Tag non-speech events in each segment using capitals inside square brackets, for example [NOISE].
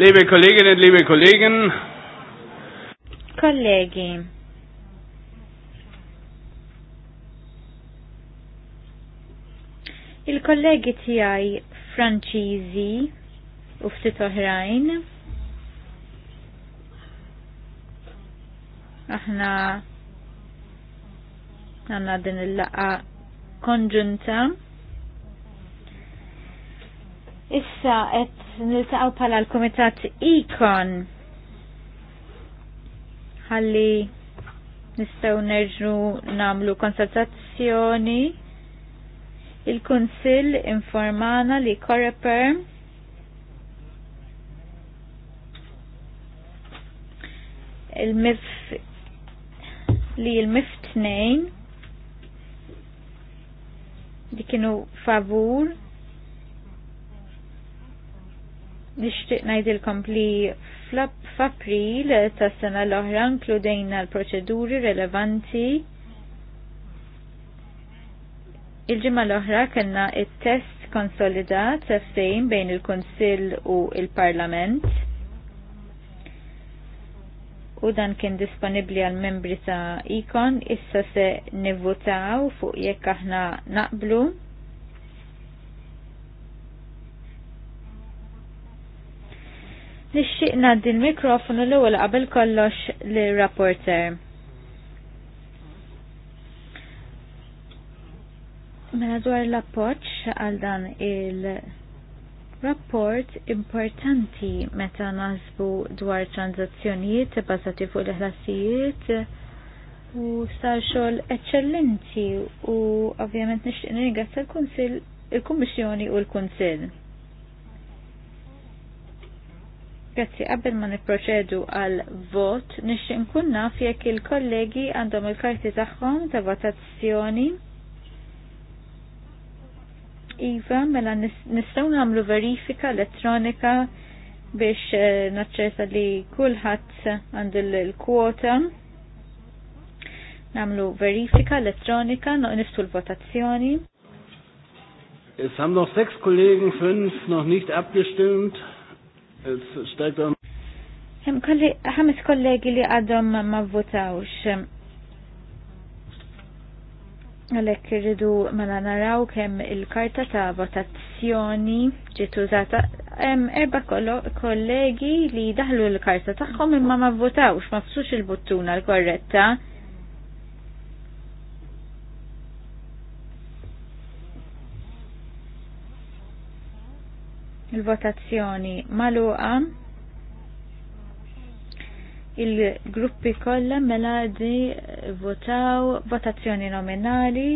Liebe Kolleginnen, liebe Kollegen. Kollegi. Il-kollegi tiegħi Franċiżi u ftit oħrajn. Aħna għandna din il-laqa konġunta Issa qed niltaqgħu bħala l-Kumitat Ikon ħalli nistgħu nerġu nagħmlu konsultazzjoni. Il-Kunsill informana li Koreper il-mif li il-miftnejn li kienu favur nixtieq najdilkom li f'April tas-sena l-oħra nkludejna l-proċeduri relevanti Il-ġimgħa l-oħra kellna il test konsolidat ftehim bejn il-Kunsill u il-Parlament. U dan kien disponibbli għal membri ta' ikon issa se nivvotaw fuq jekk aħna naqblu Nixxieqna din mikrofonu l-ewwel qabel kollox lir-rapporter. Mela dwar l-appoġġ għal dan il-rapport importanti meta naħsbu dwar tranzazzjonijiet b'ażati fuq il-ħlasijiet u sar xogħol eċċellenti u ovvjament nixtieq nirringrazzja l-Kunsill il-Kummissjoni u l-Kunsill. Grazzi, qabel ma niproċedu għal vot, nixi nkunna naf jekk il-kollegi għandhom il-karti tagħhom ta' votazzjoni. Iva, mela nistgħu nagħmlu verifika elettronika biex eh, naċċerta li kulħadd għandu l-kwota. Namlu verifika elettronika, niftu l-votazzjoni. Es haben noch sechs Kollegen, fünf noch nicht abgestimmt. Hemm kolli ħames kollegi li għadhom ma votawx. Għalhekk irridu mela naraw kemm il-karta ta' votazzjoni ġiet użata hemm erba' kollegi li daħlu l-karta tagħhom imma ma votawx ma fsux il-buttuna l-korretta. il-votazzjoni maluqa il-gruppi kollha mela di votaw votazzjoni nominali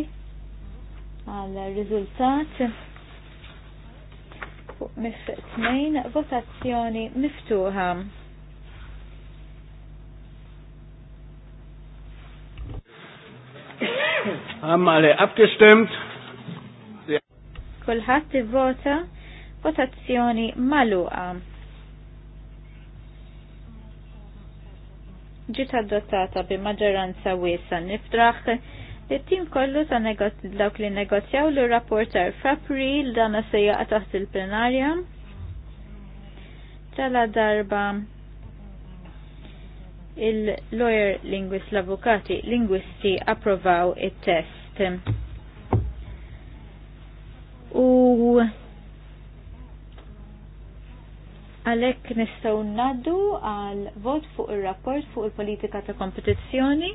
għal riżultat fuq mif tnejn votazzjoni miftuħa. Haben alle abgestimmt? Kulħadd ivvota votazzjoni maluqa. Ġiet dotata bi maġġoranza wiesa niftraħ li tim kollu ta' dawk li negozjaw l rapporter f'April dana sejja taħt il-plenarja tala darba il-lawyer linguist l-avukati lingwisti approvaw it-test. U Għalek nistaw naddu għal vot fuq il-rapport fuq il-politika ta' kompetizjoni.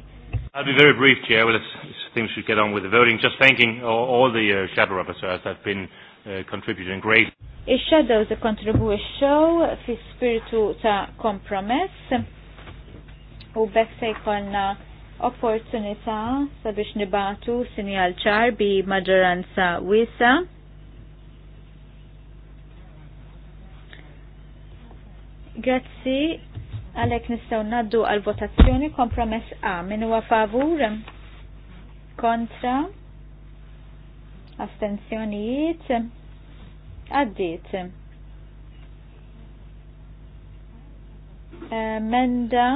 I'll be very brief, Chair. Well, it's, it's things should get on with the voting. Just thanking all, all the uh, shadow rapporteurs that have been uh, contributing great. Ix-shadows ikkontribwixxew fi spiritu ta' kompromess u bekk se jkollna opportunita sabiex nibatu sinjal ċar bi maġġoranza wisa. Grazzi, għalek nistaw naddu għal-votazzjoni kompromess A. Min huwa Kontra? Astenzjonijiet? Għaddit. Menda?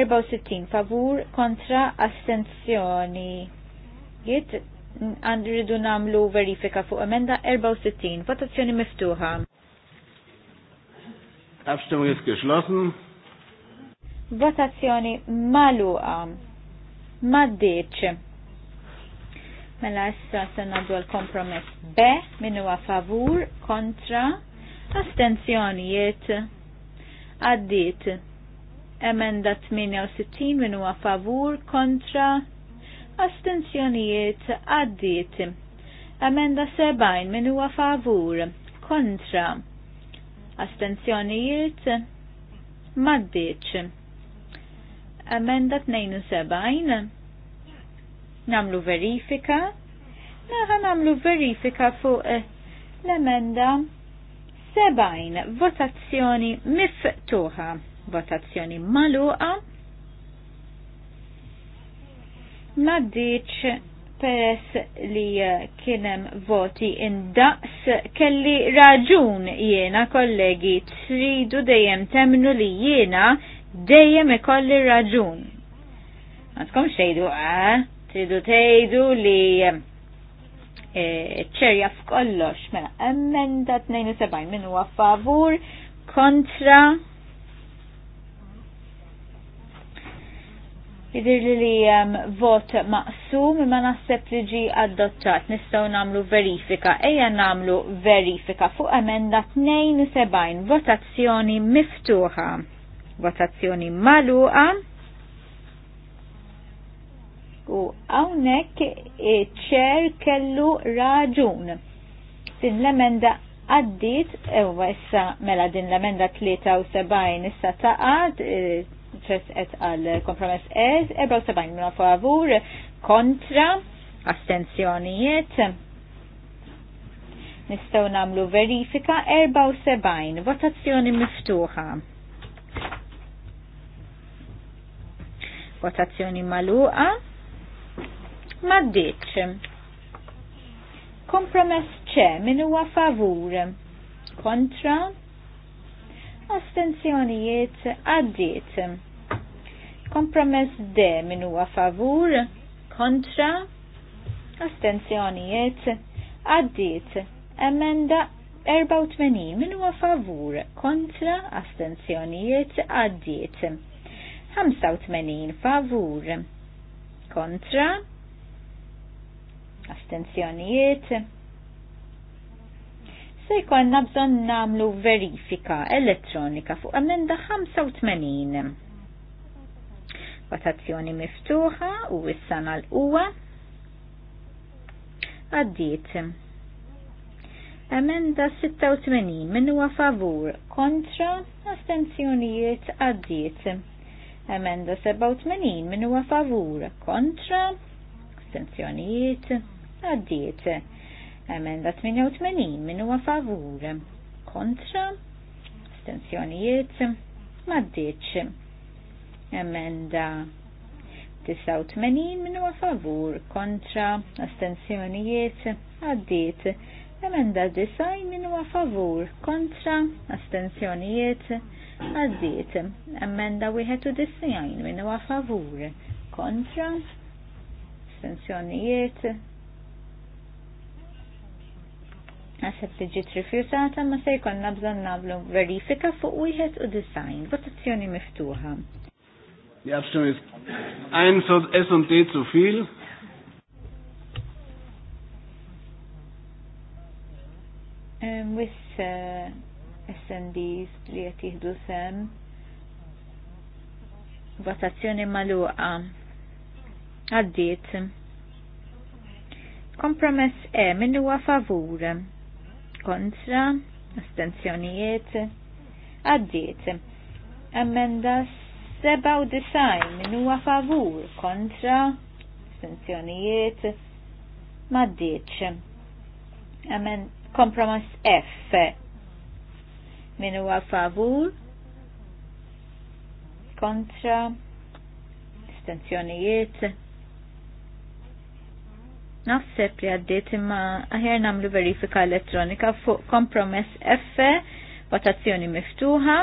Erba' sittin favur kontra astenzjoni. Jiet għandridu namlu verifika fuq emenda 64, votazzjoni miftuħa. Abstimmung ist geschlossen. Votazzjoni maluqa. Maddiċ. Mela issa se nagħdu l-kompromess B min huwa favur, kontra, astenzjonijiet. għaddit Emenda 68 min huwa favur, kontra, astenzjonijiet għaddit. Amenda 70 min huwa favur kontra astenzjonijiet maddiċ. Amenda 72 namlu verifika. Naħa namlu verifika fuq eh, l-emenda 70 votazzjoni miftuħa votazzjoni maluqa maddiċ peress li kienem voti indaqs kelli raġun jiena kollegi tridu dejjem temnu li jiena dejjem ikolli raġun. Għandkom xejdu, eh? Tridu tejdu li eh, ċerja f'kollox, mela, emmenda 72 minu huwa favur kontra Jidir li li um, vot maqsum ma naħseb li ġi adottat nistaw namlu verifika. Eja namlu verifika fuq emenda 72 votazzjoni miftuħa. Votazzjoni maluqa. U għawnek ċer kellu raġun. Din l-emenda għaddit, ewa issa mela din l-emenda 73 issa taqad, eh, ċesqet għal kompromess E, 74 minn favur, kontra, astenzjonijiet. Nistaw namlu verifika 74, votazzjoni miftuħa. Votazzjoni maluqa. Maddiċ. Kompromess ċe minn huwa favur. Kontra, astenzjonijiet għaddiet. Kompromess D min huwa favur, kontra, astenzjonijiet għaddiet. Emenda 84 min huwa favur, kontra, astenzjonijiet għaddiet. 85 favur, kontra, astenzjonijiet se jkollna bżonn nagħmlu verifika elettronika fuq emenda 85. Votazzjoni miftuħa u issa uwa Għaddit. Emenda 86 min huwa favur kontra astenzjonijiet għaddit. Emenda 87 min huwa favur kontra astenzjonijiet għaddit. Emenda 88 min huwa favur kontra Stenzjonijiet? maddiċ. Emenda 89 min huwa favur kontra astensjonijiet Maddiċ. Emenda 90 min huwa favur kontra astensjonijiet Maddiċ. Emenda 91 min huwa favur kontra Maddiċ. għasab li ġiet ma se jkun bżonn nablu verifika fuq wieħed u design, votazzjoni miftuħa. Die Abstimmung ist ein S&D zu viel. Wis eh, SNDs li qed sem votazzjoni magħluqa Għaddit. Kompromess E min huwa favur kontra, astenzjonijiet, għaddiet. emmenda 97 min huwa favur kontra, astenzjonijiet, maddiet, Amen, kompromess F. Min huwa favur kontra, astenzjonijiet, Naħseb li għaddiet imma aħjar namlu verifika elettronika fuq kompromess F, votazzjoni miftuħa,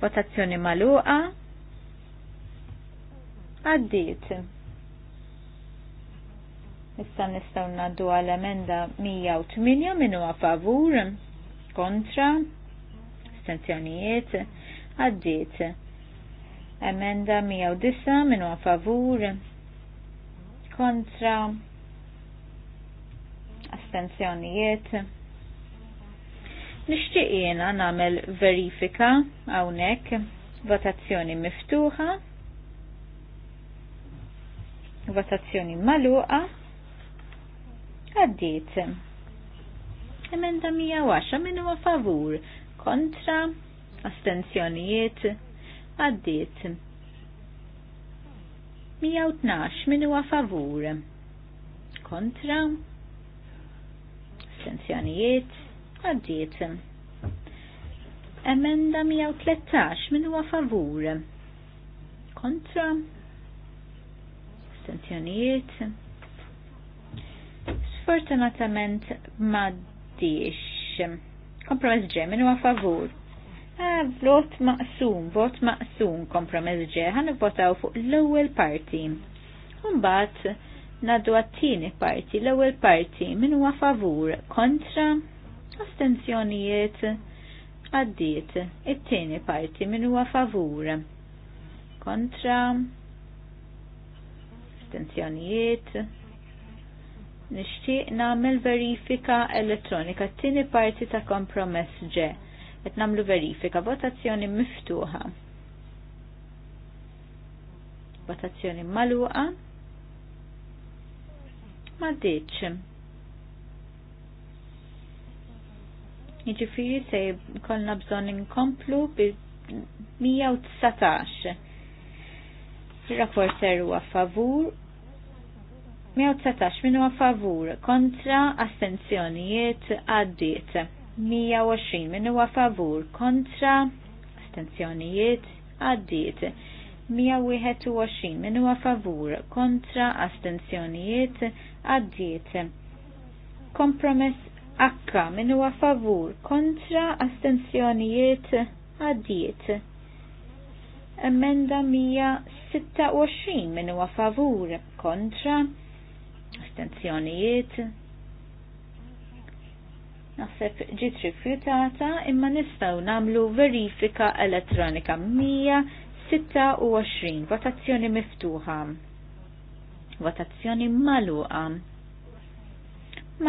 votazzjoni maluqa, għaddiet. Issa nistaw naddu għal emenda 108 minu għafavur, favur, kontra, stenzjonijiet, għaddit. Emenda 109 minu għafavur, favur, kontra astenzjonijiet nixtieq jiena nagħmel verifika hawnhekk votazzjoni miftuħa votazzjoni maluqa għaddiet. Emenda 110 minn huwa favur kontra astenzjonijiet għaddiet. 112 min huwa favur kontra astenzjonijiet għaddiet emenda 113 min huwa favur kontra astenzjonijiet sfortunatament maddiex kompromess ġej min huwa favur Ah, vot maqsum, vot maqsum, kompromess ġeħan votaw fuq l-ewel parti. Umbat, naddu għattini parti, l-ewel parti, minn huwa favur, kontra, astenzjonijiet, għaddiet, it-tieni parti, minn huwa favur, kontra, astenzjonijiet, nishtiq namel verifika elettronika, t-tieni parti ta' kompromess ġe qed nagħmlu verifika votazzjoni miftuħa. Votazzjoni magħluqa. Ma ditx. Jiġifieri se jkollna bżonn inkomplu bi 119. Rapport rapporter huwa favur 119 minu favur kontra astenzjonijiet għaddiet. 120 minn huwa favur kontra astenzjonijiet għaddiet 121 minn huwa favur kontra astenzjonijiet għaddiet kompromess akka minn huwa favur kontra astenzjonijiet għaddiet emenda 126 minn huwa favur kontra astenzjonijiet naħseb ġiet rifjutata imma nistgħu nagħmlu verifika elettronika 126 votazzjoni miftuħa. Votazzjoni magħluqa.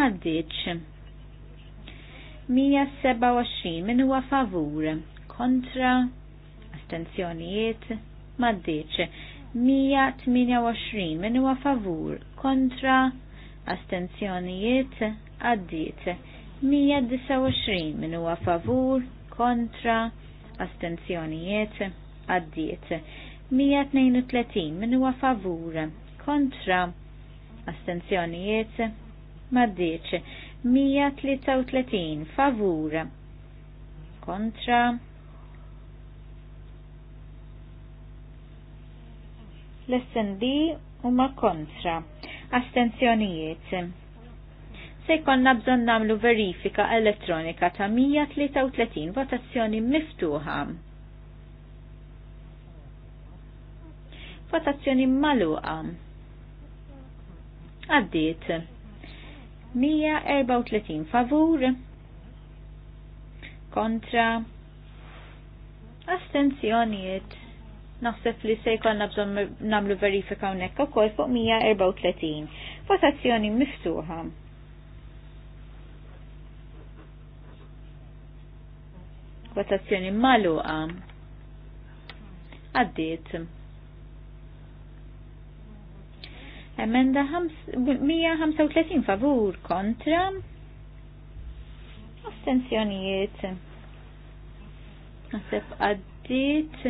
Maddiċ. 127 min huwa favur kontra astenzjonijiet maddiċ 128 min huwa favur kontra astenzjonijiet Addiċ. 129 min huwa favur, kontra, astenzjonijiet, għaddiet. 132 min huwa favur, kontra, astenzjonijiet, maddiċ. 133 favur, kontra, l-SND huma kontra. Astenzjonijiet se jkollna bżonn nagħmlu verifika elettronika ta' 133 votazzjoni miftuħa. Votazzjoni maluqa. Għaddiet. 134 favur kontra astenzjonijiet naħseb li se jkollna bżonn nagħmlu verifika hawnhekk ukoll fuq 134. Votazzjoni miftuħa. Votazzjoni maluqa. Għaddiet. Emenda 135 favur kontra. Astenzjonijiet. Għasib għaddiet.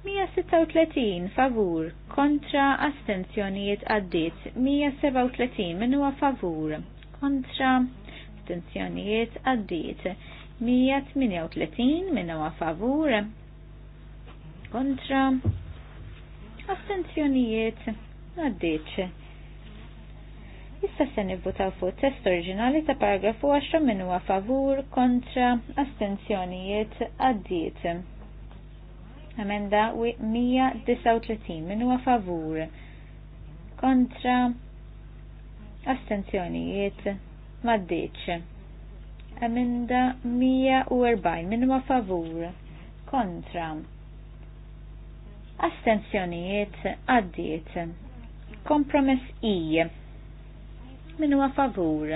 136 favur kontra astenzjonijiet għaddit 137 minu favur kontra astenzjonijiet għaddit 138 minna huwa favur kontra astenzjonijiet għaddiċ. Issa se nivvotaw fuq test oriġinali ta' paragrafu 10 minn huwa favur kontra astenzjonijiet għaddiet. Amenda 139 minn huwa favur kontra astenzjonijiet għaddeċ emenda 140 minn ma favur kontra astenzjonijiet għaddiet kompromess i minn ma favur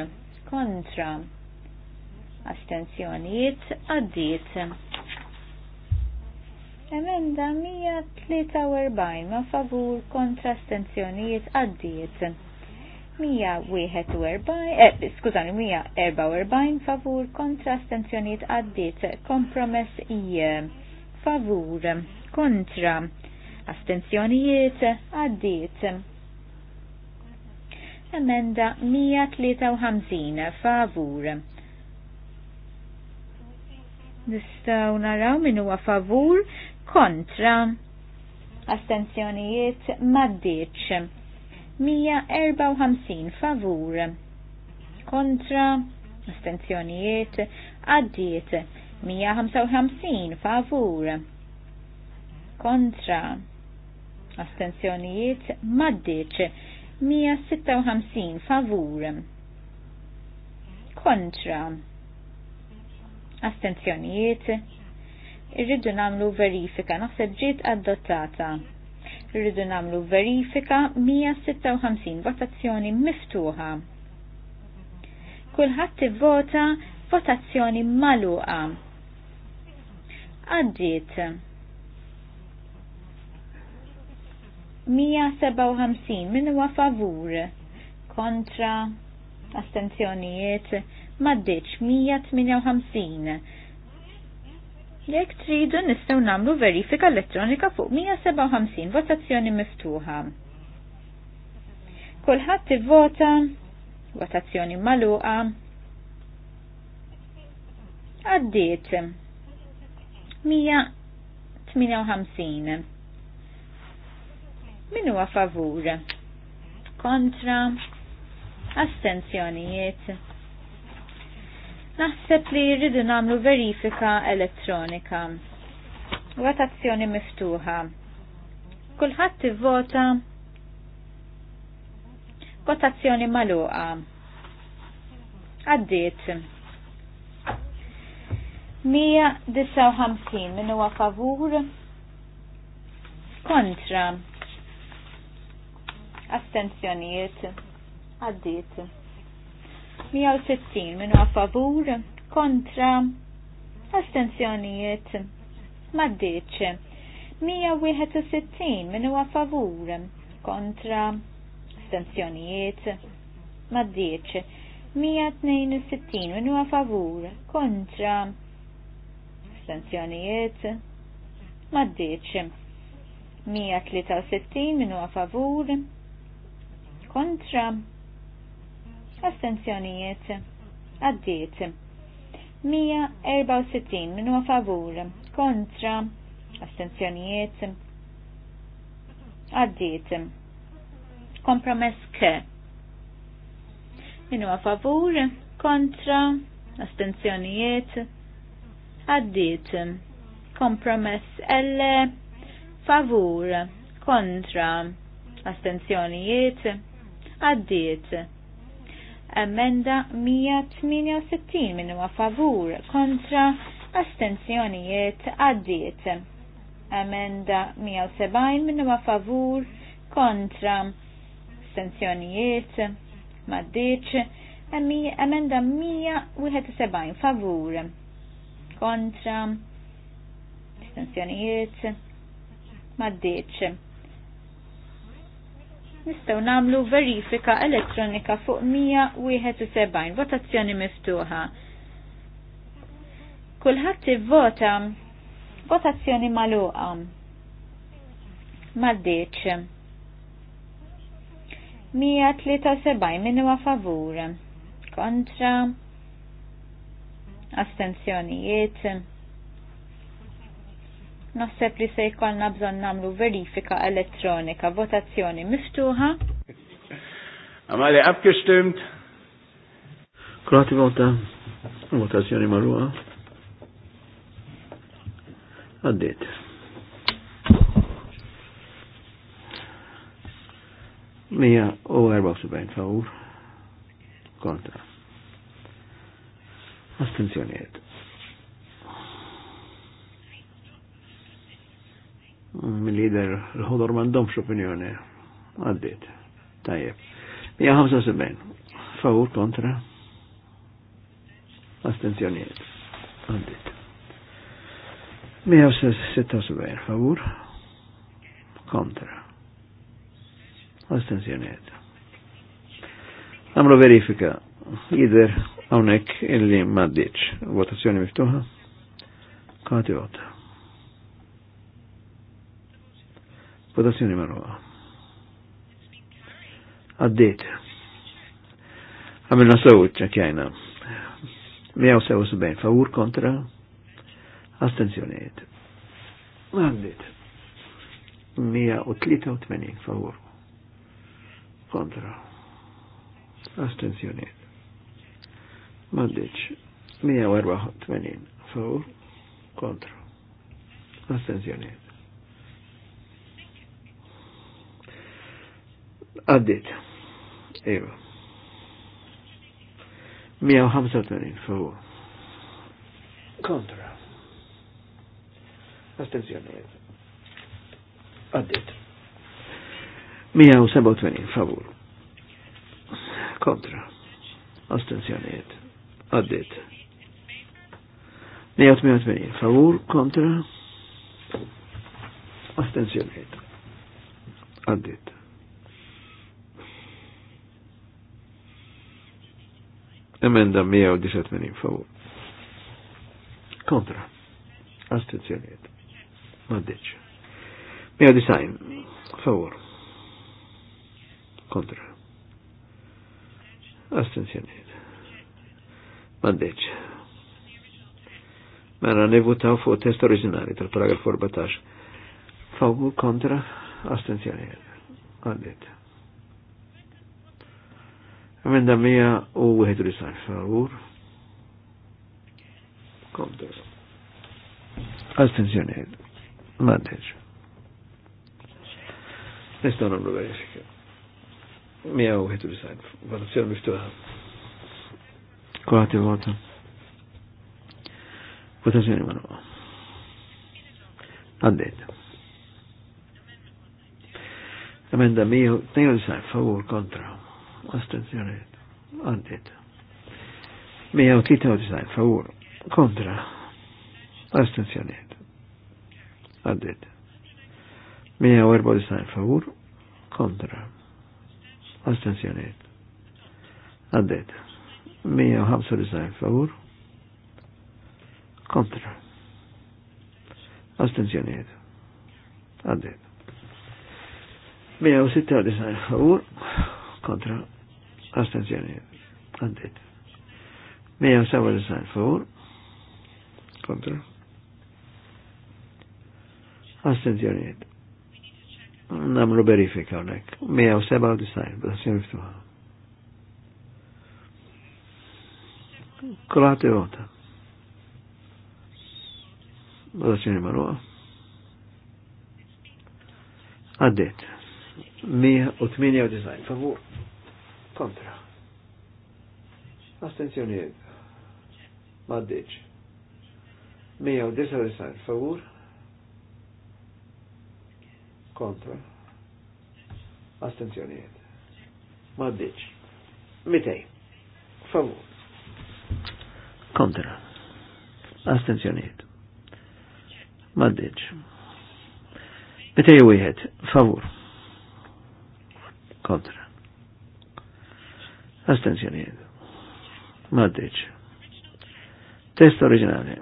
kontra astenzjonijiet għaddiet emenda 143 ma favur kontra astenzjonijiet għaddiet Eh, skużani, 144 favur kontra astenzjoniet għaddit, kompromess i eh, favur kontra astenzjoniet għaddit. Emenda 153 favur. Nistaw naraw min huwa favur kontra astenzjonijiet maddiċ. 154 favur kontra astenzjonijiet għaddiet 155 favur kontra astenzjonijiet maddiċ 156 favur kontra astenzjonijiet irridu namlu verifika naħseb ġiet adottata Irridu namlu verifika 156 votazzjoni miftuħa. Kulħadd ivvota votazzjoni maluqa. Għaddiet. 157 min huwa favur kontra astenzjonijiet maddiċ 158 Jekk tridu nistgħu nagħmlu verifika elettronika fuq 157 votazzjoni miftuħa. Kulħadd ivvota votazzjoni magħluqa. Għaddiet 158. Min huwa favur? Kontra? Astenzjonijiet? Naħseb li jridu namlu verifika elettronika. Votazzjoni miftuħa. Kulħadd ivvota. Votazzjoni maluqa. Għaddiet. 159 min huwa favur kontra astenzjonijiet għaddiet. 360 minu a favur kontra astenzjonijiet maddiċ 161 minu a favur kontra astenzjonijiet maddiċ 162 minu a favur kontra astenzjonijiet maddiċ 163 minu a favur kontra astenzjonijiet għaddiet. 164 minu favur kontra astenzjonijiet għaddiet. Kompromess k. Minu favur kontra astenzjonijiet għaddiet. Kompromess L favur kontra astenzjonijiet għaddiet Emenda 168 minnu huwa favur kontra astenzjonijiet għaddiet. Emenda 170 minnu huwa favur kontra astenzjonijiet maddiċ. Emenda 171 favur kontra astenzjonijiet maddiċ. Nistaw namlu verifika elettronika fuq 171 votazzjoni miftuħa. Kulħadd ivvota votazzjoni magħluqa. Maddiċ. 173 min huwa favur. Kontra. Astenzjonijiet naħseb li se jkollna bżonn nagħmlu verifika elettronika, votazzjoni miftuħa. Amali, abgestimmt. Kroati vota, votazzjoni marruħa. Għaddit. Mija u 74 fawur kontra. Astenzjoniet mill-lider l-ħodor mandomx opinjoni. Għaddit. Tajjeb. 175. Favur kontra. Astenzjoniet. Għaddit. 176. Favur. Kontra. Astenzjoniet. Għamlu verifika. Jider għonek il-li maddiċ. Votazzjoni miftuħa. Kati vota. Votazzjoni marruqa. Għaddit. Għamilna sew ċakjajna. 177 favur kontra astenzjoniet. Għaddit. 183 favur kontra astenzjoniet. Maddiċ 184 favur kontra astenzjoniet Għaddit. Iva. 185 fuq. Kontra. Attenzjoni. Għaddit. 187 favur. Kontra. Astenzjoniet. Għaddit. 188 favur. Kontra. Astenzjoniet. Għaddit. Emenda 180 favur. Kontra. Astenzjoniet. Maddeċ. 190 favur. Kontra. Astenzjoniet. Maddeċ. Mela nevutaw fuq test oriġinali tal-paragraf 14. Favur kontra astenzjoniet. Maddeċ. Emenda 191 favur. Kontra. Astenzjoniet. Manteġ. Nistaw namlu verifika. 191. Votazzjoni miftuħa. Kolati vota. Votazzjoni manuqa. Għaddejt. Emenda 192 favur kontra astenzjoniet, għaddit. 193 favur, kontra, astenzjoniet, għaddit. 194 favur, kontra, astenzjoniet, għaddit. 195 favur, kontra, astenzjoniet, għaddit. 196 favur, kontra astenzjoniet, għaddit. 197 favur, kontra, astenzjoniet. Namlu verifika unek, 197, votazzjoni ftuħa. Kolate vota. Votazzjoni marwa. Għaddit. 198 favur kontra. Astenzjoniet. Maddiċ. 199 favur. Kontra. Astenzjoniet. Maddiċ. Mitej, Favur. Kontra. Astenzjoniet. Mitej 201. Favur. Kontra Astenzjoniet. Maddiċ. Test oriġinali.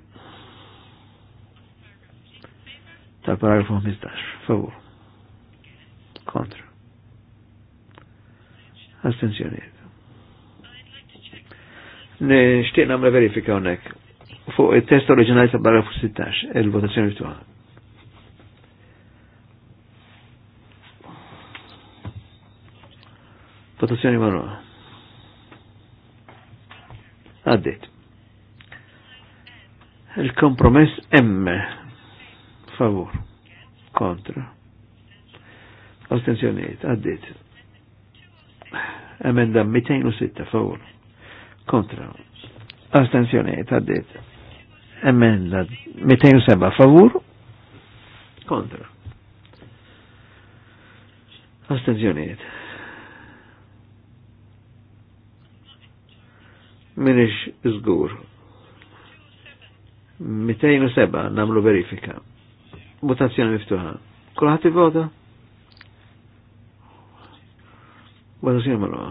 Tal-paragrafu 15. Favur. Kontra. Astenzjoniet. Nishtiq namra verifika unnek. Fuq il-test oriġinali ta' paragrafu 16, il-votazzjoni virtuali. Votazzjoni manuali. Għaddit. Il-kompromess M. Favor. Kontra. Astenzjoniet. Għaddit. Emenda 206. favor. Kontra. Astenzjoniet. Għaddit. Emenda 207. Favor? Kontra. Astenzjoniet. minix zgur. 207 namlu verifika. Votazzjoni miftuħa. Kulħat vota? Votazzjoni marruħa.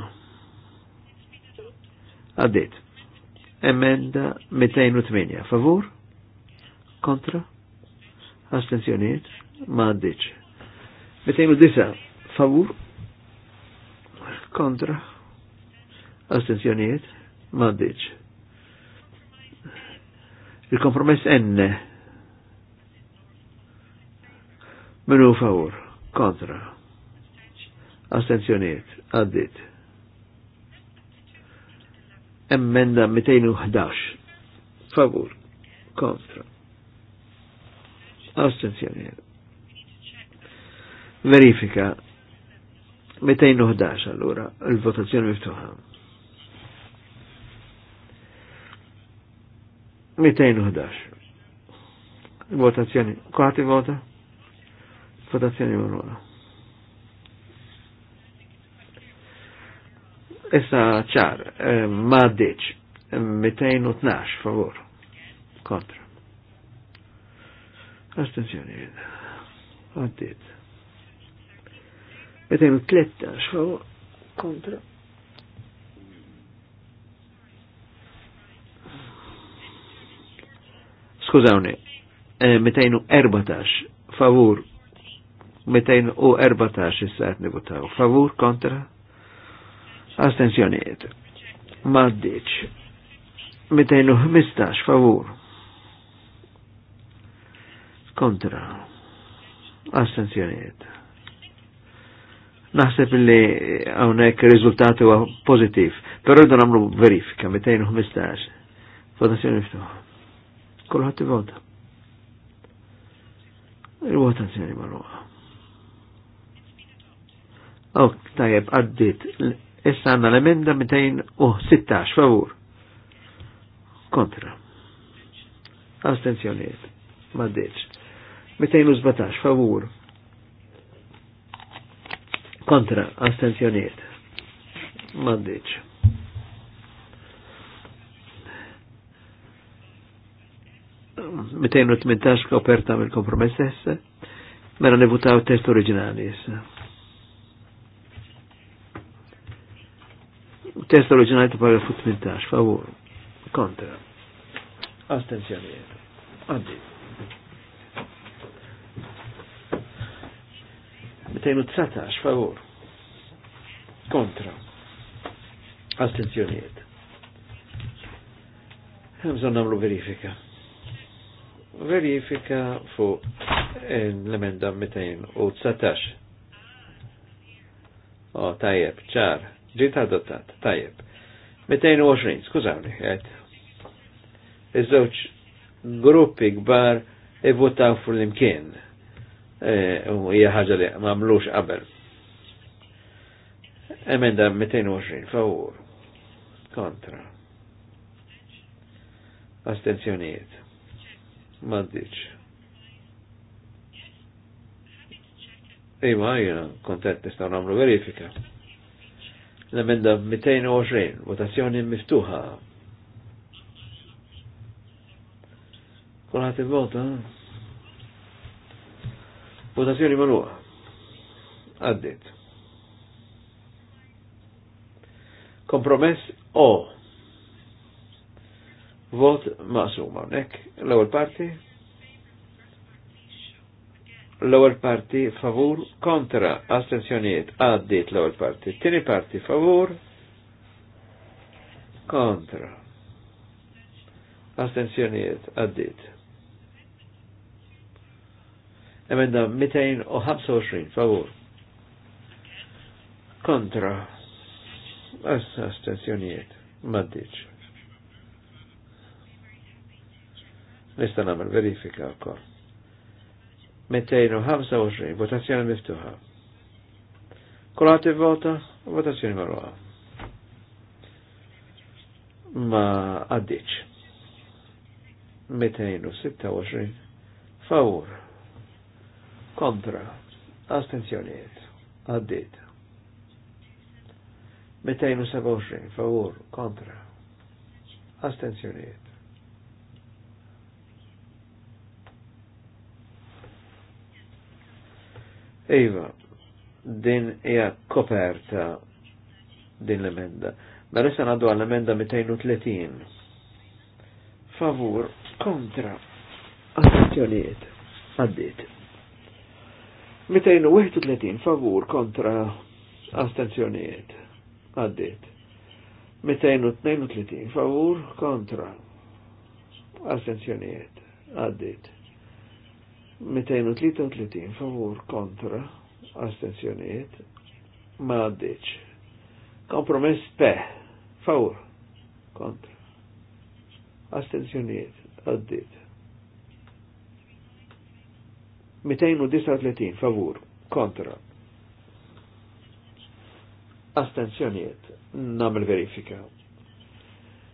Għaddit. Emenda 208. Favur? Kontra? Astenzjoniet? Ma għaddiċ. 209. Favur? Kontra? Astenzjoniet? Mandiċ. Il-kompromess enne. Menu favor, Kontra. Astenzjoniet. Għaddit. Emmenda 211. Favor, Kontra. Astenzjoniet. Verifika 211 allora. il-votazzjoni miftuħa. 211. Votazzjoni. Kuħati vota? Votazzjoni marruqa. Issa ċar, eh, ma ddeċ. 212, favor. Kontra. Astenzjoni. Għaddit. 213, favor. Kontra. skużawni, 214 e, favur 214 issa qed nivutaw. Favur kontra astensjoniet, Maddiċ. 215 favur. Kontra. astensjoniet. Naħseb li hawnhekk ir għu huwa pero id rridu nagħmlu verifika 215. Votazzjoni ftuħa. Kulħadd ivota. Il-votazzjoni t magħluqa. Ok, tajab, għaddit. Issa għanna l-emenda 216 favur. Kontra. Astenzjoniet. Ma ddeċ. 217 favur. Kontra. Astenzjoniet. Ma ddeċ. 218 koperta mill kompromess essa, mela nivutaw test oriġinali essa. Test oriġinali ta' paragrafu 18, favor, kontra. Astenzjonijiet. Għaddi. 219, favor, Kontra. Astenzjonijiet. Bżon namlu verifika verifika fuq eh, l-emenda 219. O, tajjeb, ċar, ġit adottat, tajjeb. 220, skużawni, għed. Iż-żewġ gruppi gbar ivvotaw fu l-imkien. Eh, u hija ħaġa li mamlux qabel. Emenda 220, favur. Kontra. Astenzjonijiet Maddiċ. Ima, jena kontent nistaw namlu verifika. L-emenda 220, votazzjoni miftuħa. Kolħat il-vota. Votazzjoni maluħa. Għaddit. Kompromess O. Oh. Vot maqsuma nek. L-ewwel parti. L-ewwel parti favur kontra astensjonijiet għaddiet l-ewwel parti. Tieni parti favur kontra astensjonijiet għaddiet. Emenda 225 favur kontra astensjonijiet maddiċ. Nista' namel verifika wkoll. 225 votazzjoni miftuħa. Kolati vota, votazzjoni marruħa. Ma għaddiċ. 226 favur kontra astenzjoniet għaddit 227 favur kontra astenzjoniet Iva, din hija koperta din l-emenda. Mela issa għadu għall-emenda 230. Favur, kontra, azzjonijiet għaddit. 231 favur kontra astenzjonijiet, għaddit. 232 favur kontra astenzjonijiet, għaddit. 233 favur kontra astenzjoniet ma għaddiċ. Kompromess pe favur kontra astenzjoniet għaddit. 239 favur kontra astenzjoniet namel verifika.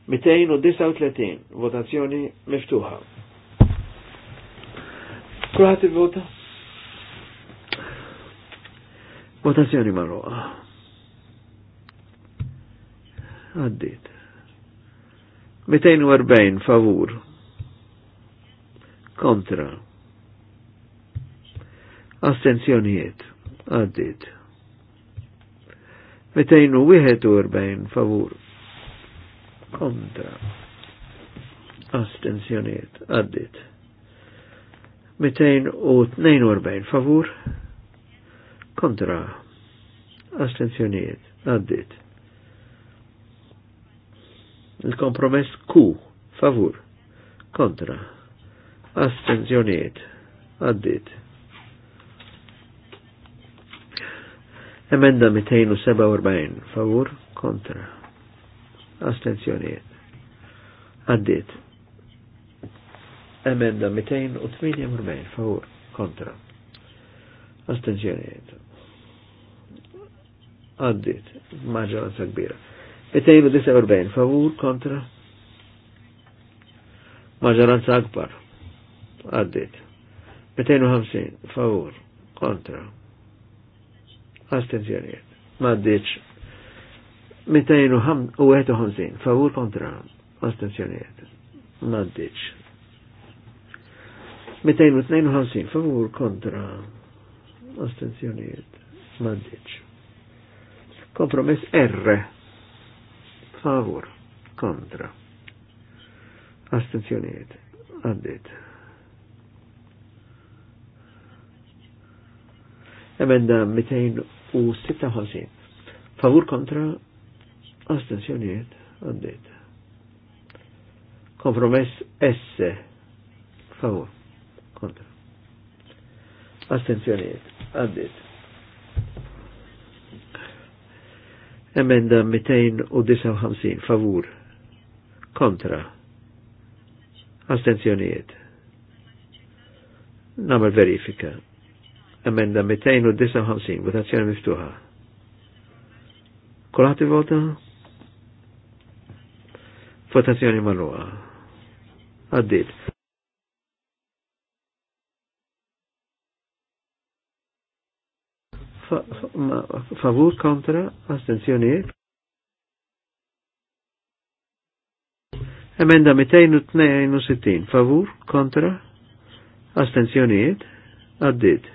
239 votazzjoni miftuħa. Kulħat il-vota. Votazzjoni marroqa. Għaddit. 240 favur. Kontra. Astenzjonijiet. Għaddit. 241 favur. Kontra. Astenzjonijiet. Għaddit. 242 favur kontra astenzjonijiet għaddit il-kompromess Q favur kontra astenzjonijiet għaddit emenda 247 favur kontra astenzjonijiet għaddit Emenda 248 favur kontra. Astenzjonijiet. Għaddit, maġġoranza kbira. 249 favur kontra. Maġġoranza akbar. Għaddit. 250 favur kontra. Astenzjonijiet. Maddiċ 251 favur kontra. Astenzjonijiet. Maddiċ 252 favur kontra astenzjonijiet mandiċ. Kompromess R favur kontra astenzjonijiet għaddit. Emenda 256 favur kontra astenzjonijiet għaddit. Kompromess S favur kontra. Astenzjoniet, għaddit. Emenda 259, favur, kontra. Astenzjoniet. Namel verifika. Emenda 259, votazzjoni miftuħa. Kolati vota? Votazzjoni manuqa. Addit. favur kontra astenzjoni Emenda 262 favur kontra astenzjoniet għaddit.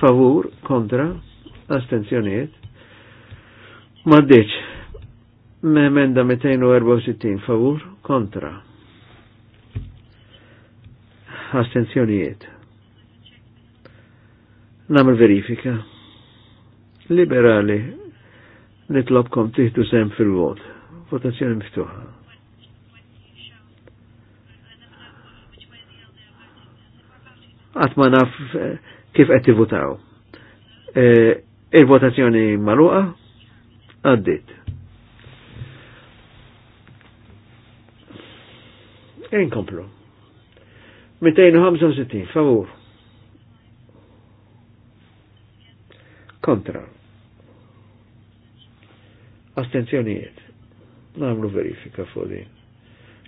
Favur kontra astenzjoniet maddiċ. Emenda 264 favur kontra astenzjonijiet. Namel verifika. Liberali, nitlobkom tiħdu sem fil-vot. Votazzjoni miftuħa. Għatma naf eh, kif għetti eh, votaw. E, Il-votazzjoni maluqa għaddit. Inkomplu. 265 favur. Kontra. Astenzjonijiet. Namlu verifika fuq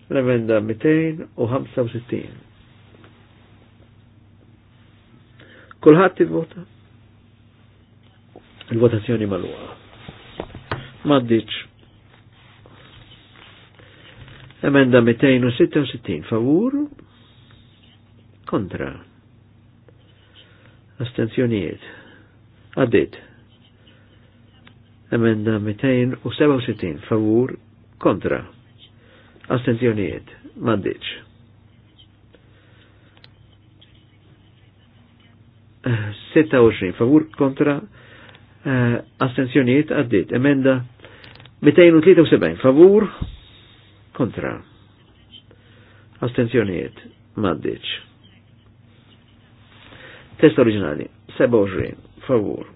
L-emenda 265. Kulħadd il-vota? Il-votazzjoni malwa. Maddiċ. Maddiċ. Emenda 266 favur kontra Astenzjoniet. għaddit emenda 267 favur kontra Astenzjoniet. maddiċ Uh, 26 favur kontra uh, eh, astenzjoniet għaddit emenda 273 favur kontra astenzjoniet maddiċ Test oriġinali, 27, favur.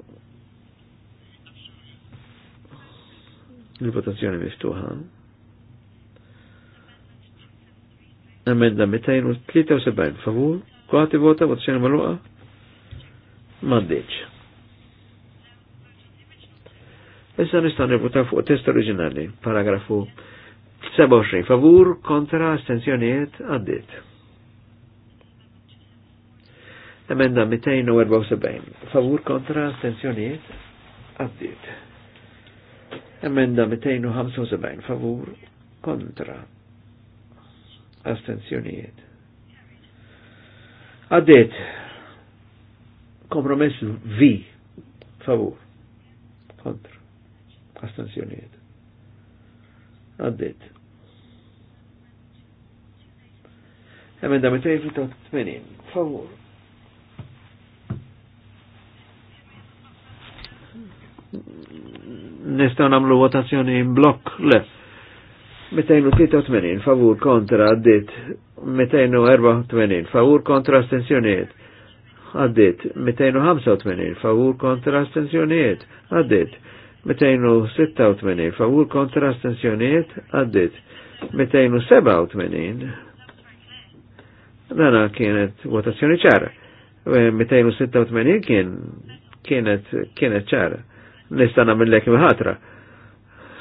Il-votazzjoni miftuħa. Emenda 273, favur. Kuħati vota, votazzjoni maluqa. Maddeċ. Issa nistan nivota fuq test originali, paragrafu 27, favur kontra astensjonijiet għaddit. Emenda 274. Favur kontra astensjoniet Addit. Emenda 275. Favur kontra astensjoniet. Addit. Kompromess V. Favur kontra astensjoniet. Addit. Emenda 278. Favur nistaw namlu votazzjoni in blok le. 283 favur kontra għaddit 284 favur kontra astensjoniet għaddit 285 favur kontra astensjoniet għaddit 286 favur kontra astensjoniet għaddit 287 dana kienet votazzjoni ċara 286 kien kienet kienet ċara nista' nagħmellek imħatra.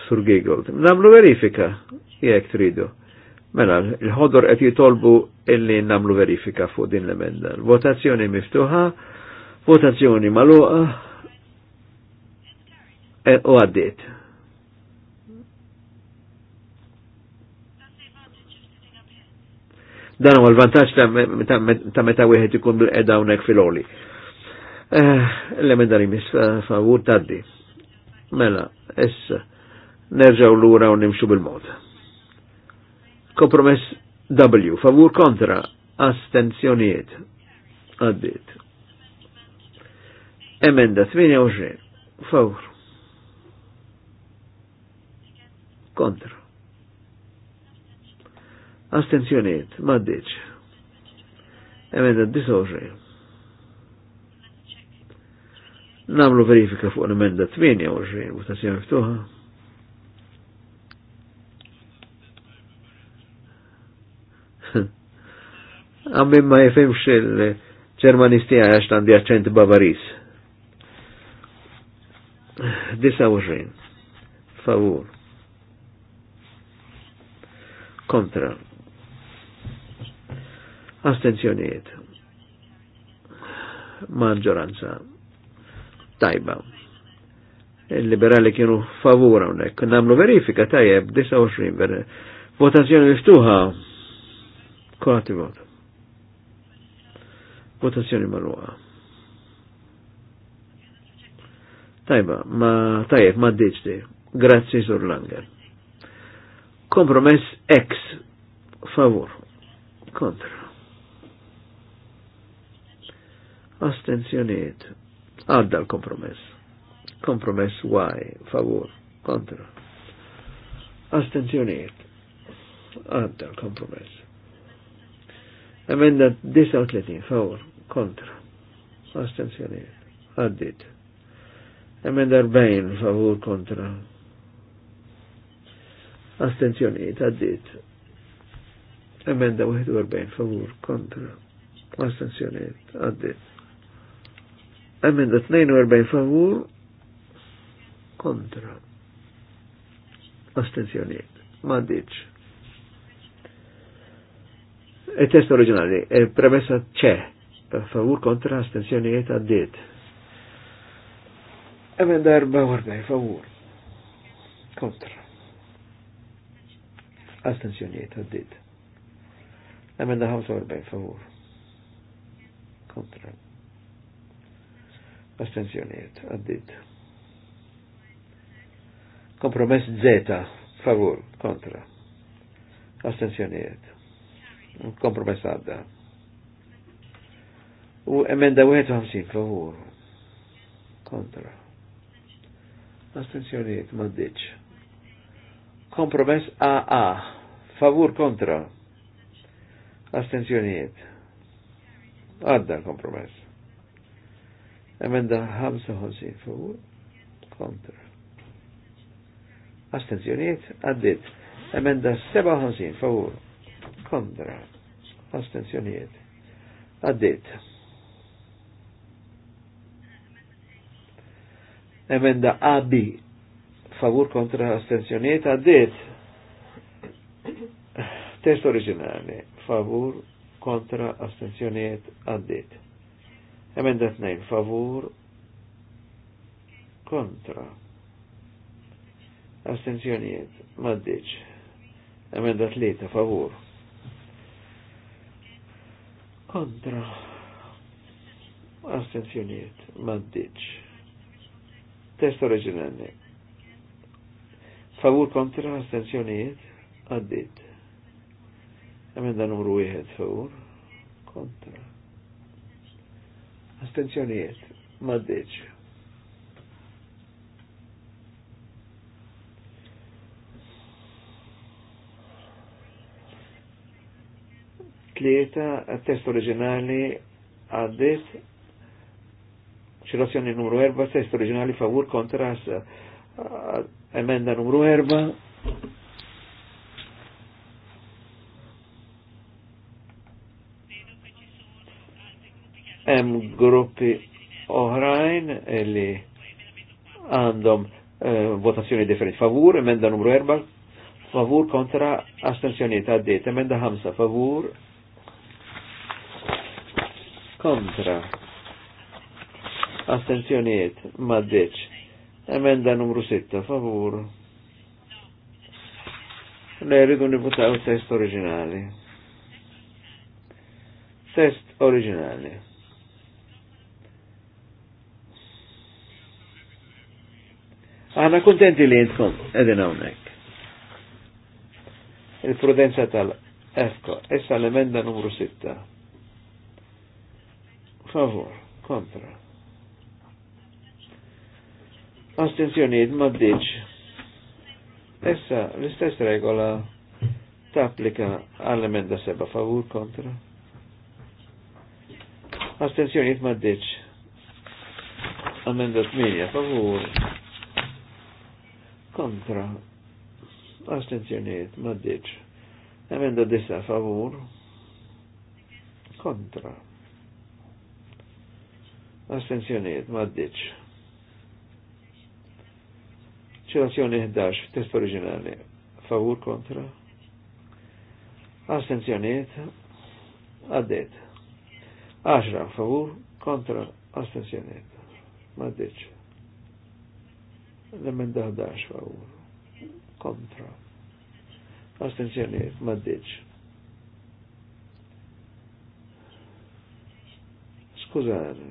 Sur Giggold. Namlu verifika jek tridu. Mela, il-ħodor qed jitolbu illi namlu verifika fuq din l-emenda. Votazzjoni miftuħa, votazzjoni maluqa e, u għaddit. Dan huwa l-vantaġġ ta' meta wieħed ikun bil-qeda hawnhekk fil-oli. Eh, l-emenda li mis taddi. Mela, essa, nerġaw l-ura u nimxu bil-mod. Kompromess W, favur kontra, astenzjoniet, għaddit. Emenda 28, favur. Kontra. Astenzjoniet, maddiċ. Emenda 29, Namlu verifika fuq l-emenda 28, votazzjoni ftuħa. [LAUGHS] Għammim ma jifimx il-ċermanisti għax għandi accent bavaris. Disa 29. Favur. Kontra. Astenzjoniet. Maġġoranza tajba. Il-liberali kienu favura unnek. Namlu verifika tajjeb 29 Votazzjoni miftuħa. Kolati vot. Votazzjoni marruqa. Tajba, ma tajjeb, ma diċti. Grazzi sur Langer. Kompromess X. Favur. Kontra. Astenzjoniet Għadda l-kompromess. Kompromess waj, favor, kontra. Astenzjoniet. Għadda l-kompromess. Emenda 39, favor, kontra. Astenzjoniet. Għaddit. Emenda 40, favor, kontra. Astenzjoniet, għaddit. Emenda 41, favor, kontra. Astenzjoniet, għaddit Emenda 42 favur kontra. Astenzjoniet. Mandiċ. Il-test e oriġinali, e premessa ċe, favur kontra astenzjoniet għaddit. Emenda 44 favur kontra. Astenzjoniet għaddit. Emenda 45 favur kontra astenzjoniet, għaddit. Kompromess Z, favur, kontra, astenzjoniet, kompromess għadda. U emenda 51, favur, kontra, astenzjoniet, maddiċ. Kompromess AA, favur, kontra, astenzjoniet, għadda kompromess Emenda 55 fuq kontra. Astenzjoniet għaddit. Emenda 57 fuq kontra. Astenzjoniet għaddit. Emenda AB favur kontra astenzjoniet għaddit. Test oriġinali favur kontra astenzjoniet għaddit. Emenda 2 favur kontra. Astenzjoniet, maddiċ. Emenda 3 favur kontra. Astenzjoniet, maddiċ. Test oriġinali. Favur kontra astenzjoniet, maddiċ. Emendat numru 1 favur kontra astenzjonijiet, maddiċ. Tlieta, test oriġinali għaddit, ċilazzjoni numru 4, test oriġinali favur kontra emenda numru 4, Hemm gruppi oħrajn li għandhom uh, votazzjoni differenti. Favur, emenda numru 4, favur kontra astensjoniet għaddit, emenda 5, favur kontra astensjoniet maddiċ, emenda numru 6, favur. Ne rridu nivutaw test oriġinali. Test oriġinali. Għana kontenti li jintkom edin għonek. Il-prudenza tal efko essa l-emenda numru 6. Favor, kontra. Astenzjoni ma ddiċ. Essa l-istess regola t-applika għall-emenda 7. Favor, kontra. Astenzjoni ma ddiċ. Amenda 8 favur kontra astenzjoniet maddiċ emenda disa favur kontra astenzjoniet maddiċ ċelazzjoni 11 test oriġinali favur kontra astenzjoniet għaddit 10 favur kontra astenzjoniet maddiċ l-emenda 11 favur kontra astenzjoniet maddiċ skuza l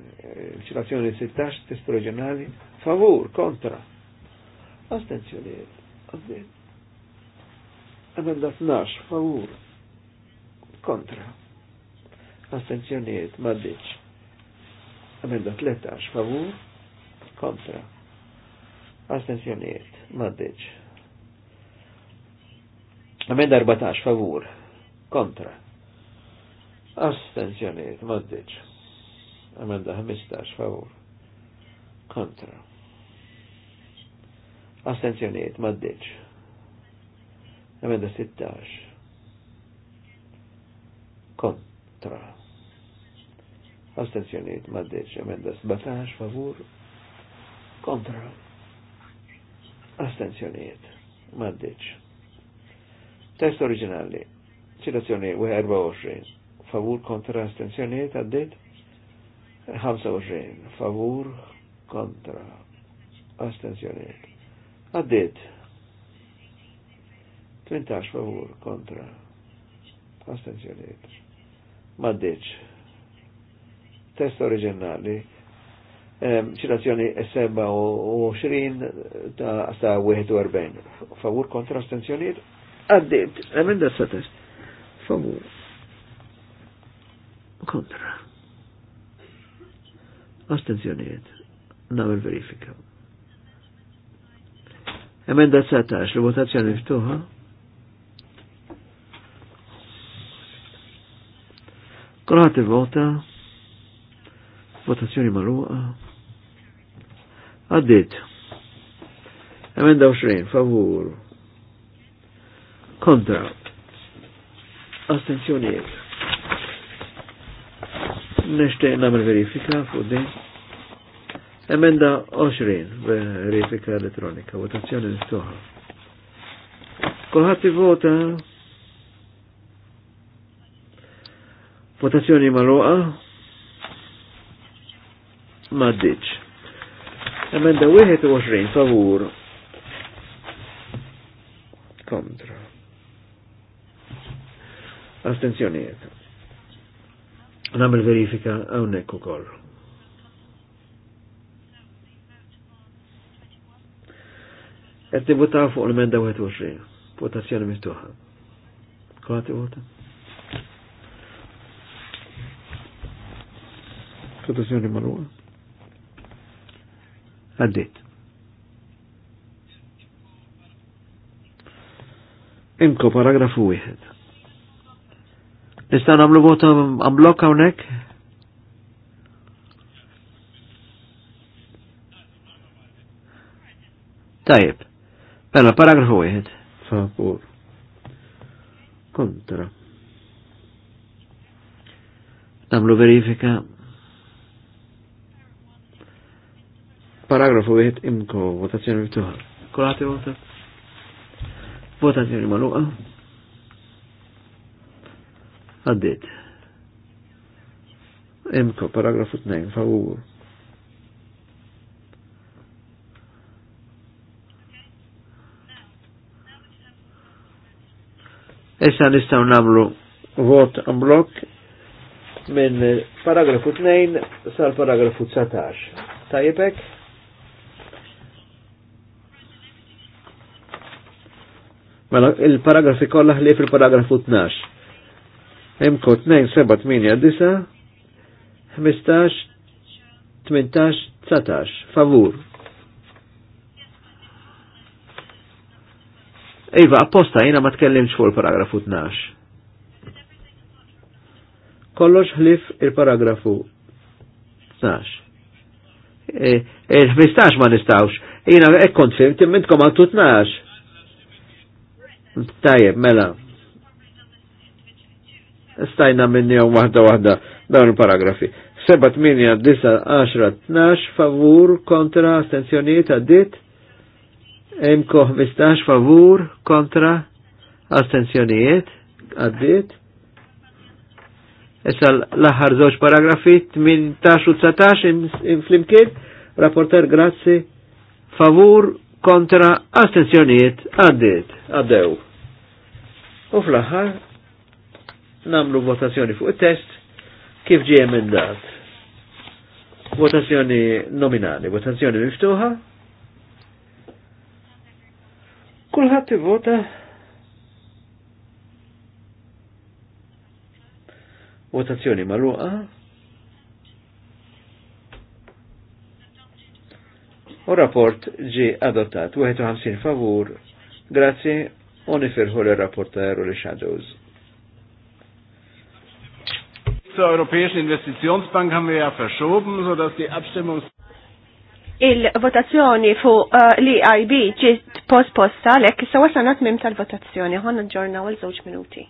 ċilazzjoni 16 test oriġinali favur kontra Astenzjoni, maddiċ emenda 12 favur kontra Astenzjoni, maddiċ emenda 13 favur kontra Astenzjonijiet, maddeċ. Amenda 14, favur. Kontra. Astenzjonijiet, maddeċ. Amenda 15, favur. Kontra. Astenzjonijiet, maddiċ. Amenda 16. Kontra. Astenzjonijiet, maddiċ. Amenda 17, favur. Kontra Astenzjonijiet. Maddiċ. Test oriġinali. Citazzjoni 24. Favur kontra astenzjonijiet għaddit? 25. Favur kontra astenzjonijiet. Għaddit. 20 favur kontra astenzjonijiet. Maddiċ. Test oriġinali ċitazzjoni 27 ta' sa' 41. Favur kontra astenzjoniet? Għaddit, emenda sa' test. Favur. Kontra. Astenzjoniet. Namel verifika. Emenda 19, l-votazzjoni ftuħa. Kulħat vota votazzjoni maluqa. Għaddit. Emenda 20, favur. Kontra. Astenzjoniet. Nishtiq namel verifika fuq din. Emenda 20, verifika elettronika, votazzjoni miftuħa. Kolħat vota votazzjoni maluqa ma Emenda 21 favur kontra. Astenzjonijiet. Namel verifika għawnek u koll. Et votaw fuq l-emenda 21. Votazzjoni miftuħa. Kolati vota? Votazzjoni marruħa għaddit. Imko paragrafu wieħed. Nista' nagħmlu vota amblok hawnhekk? Tajib. Pella paragrafu wieħed. Favur. Kontra. Namlu verifika Paragrafu wieħed imko votazzjoni miftuħa. Kulħadd vota. Votazzjoni magħluqa. Għaddiet. Imko paragrafu 2 favur. Issa nistaw namlu vot blok minn paragrafu 2 sal paragrafu 19. Tajibek? Mela il-paragrafi kollha ħlief il-paragrafu 12. Hemm 2, 7, 8, 9, 15, 19. Favur. Iva, apposta jina ma tkellimx fuq il-paragrafu 12. Kollox ħlif il-paragrafu 12. Eh, eh, Il-15 ma nistawx. Jina ekkont fim, timmentkom għal 12 Tajjeb, mela. Stajna minni għom wahda wahda dawn il-paragrafi. 7, 8, 10, 12, favur, kontra, astenzjoniet, għaddit. Emko 15, favur, kontra, astenzjoniet, għaddit. Issa l-aħħar żewġ paragrafi 18 u 19 flimkien, rapporter grazzi, favur, kontra astenzjoniet għaddit, għaddew. U fl-aħħar namlu votazzjoni fuq il-test kif ġie emendat. Votazzjoni nominali, votazzjoni miftuħa. Kulħadd vota votazzjoni maluqa. U rapport ġi adottat 51 favur, grazzi u nifirħu l rapport ta' l-shadows. Zur Europäischen Investitionsbank haben wir ja verschoben, sodass die Abstimmung il-votazzjoni fuq eh, l-EIB ġiet posposta l-ek, issa wasanat mim tal-votazzjoni ħonna ġorna għal żewġ minuti.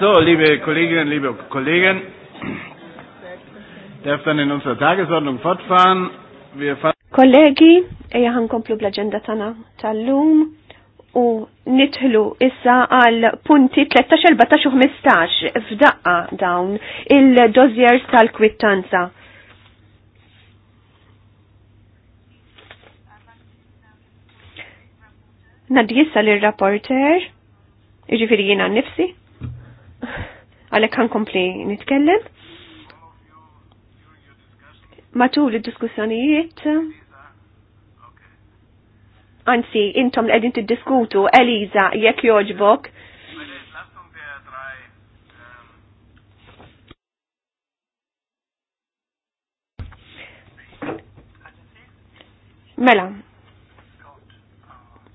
So, liebe Kolleginnen, liebe Kollegen, darf dann in unserer Tagesordnung fortfahren. Wir fahren Kollegi, eja ħankomplu bl-agenda tana tal-lum u nitħlu issa għal punti 13, 14 u 15 f'daqqa dawn il-dozjers tal-kwittanza. Nadjissa l-rapporter. Iġifiri jina nifsi, għalek għan kompli nitkellem. Matul id-diskussjonijiet, anzi, intom l-edin t-diskutu, Eliza, jekk joġbok, Mela,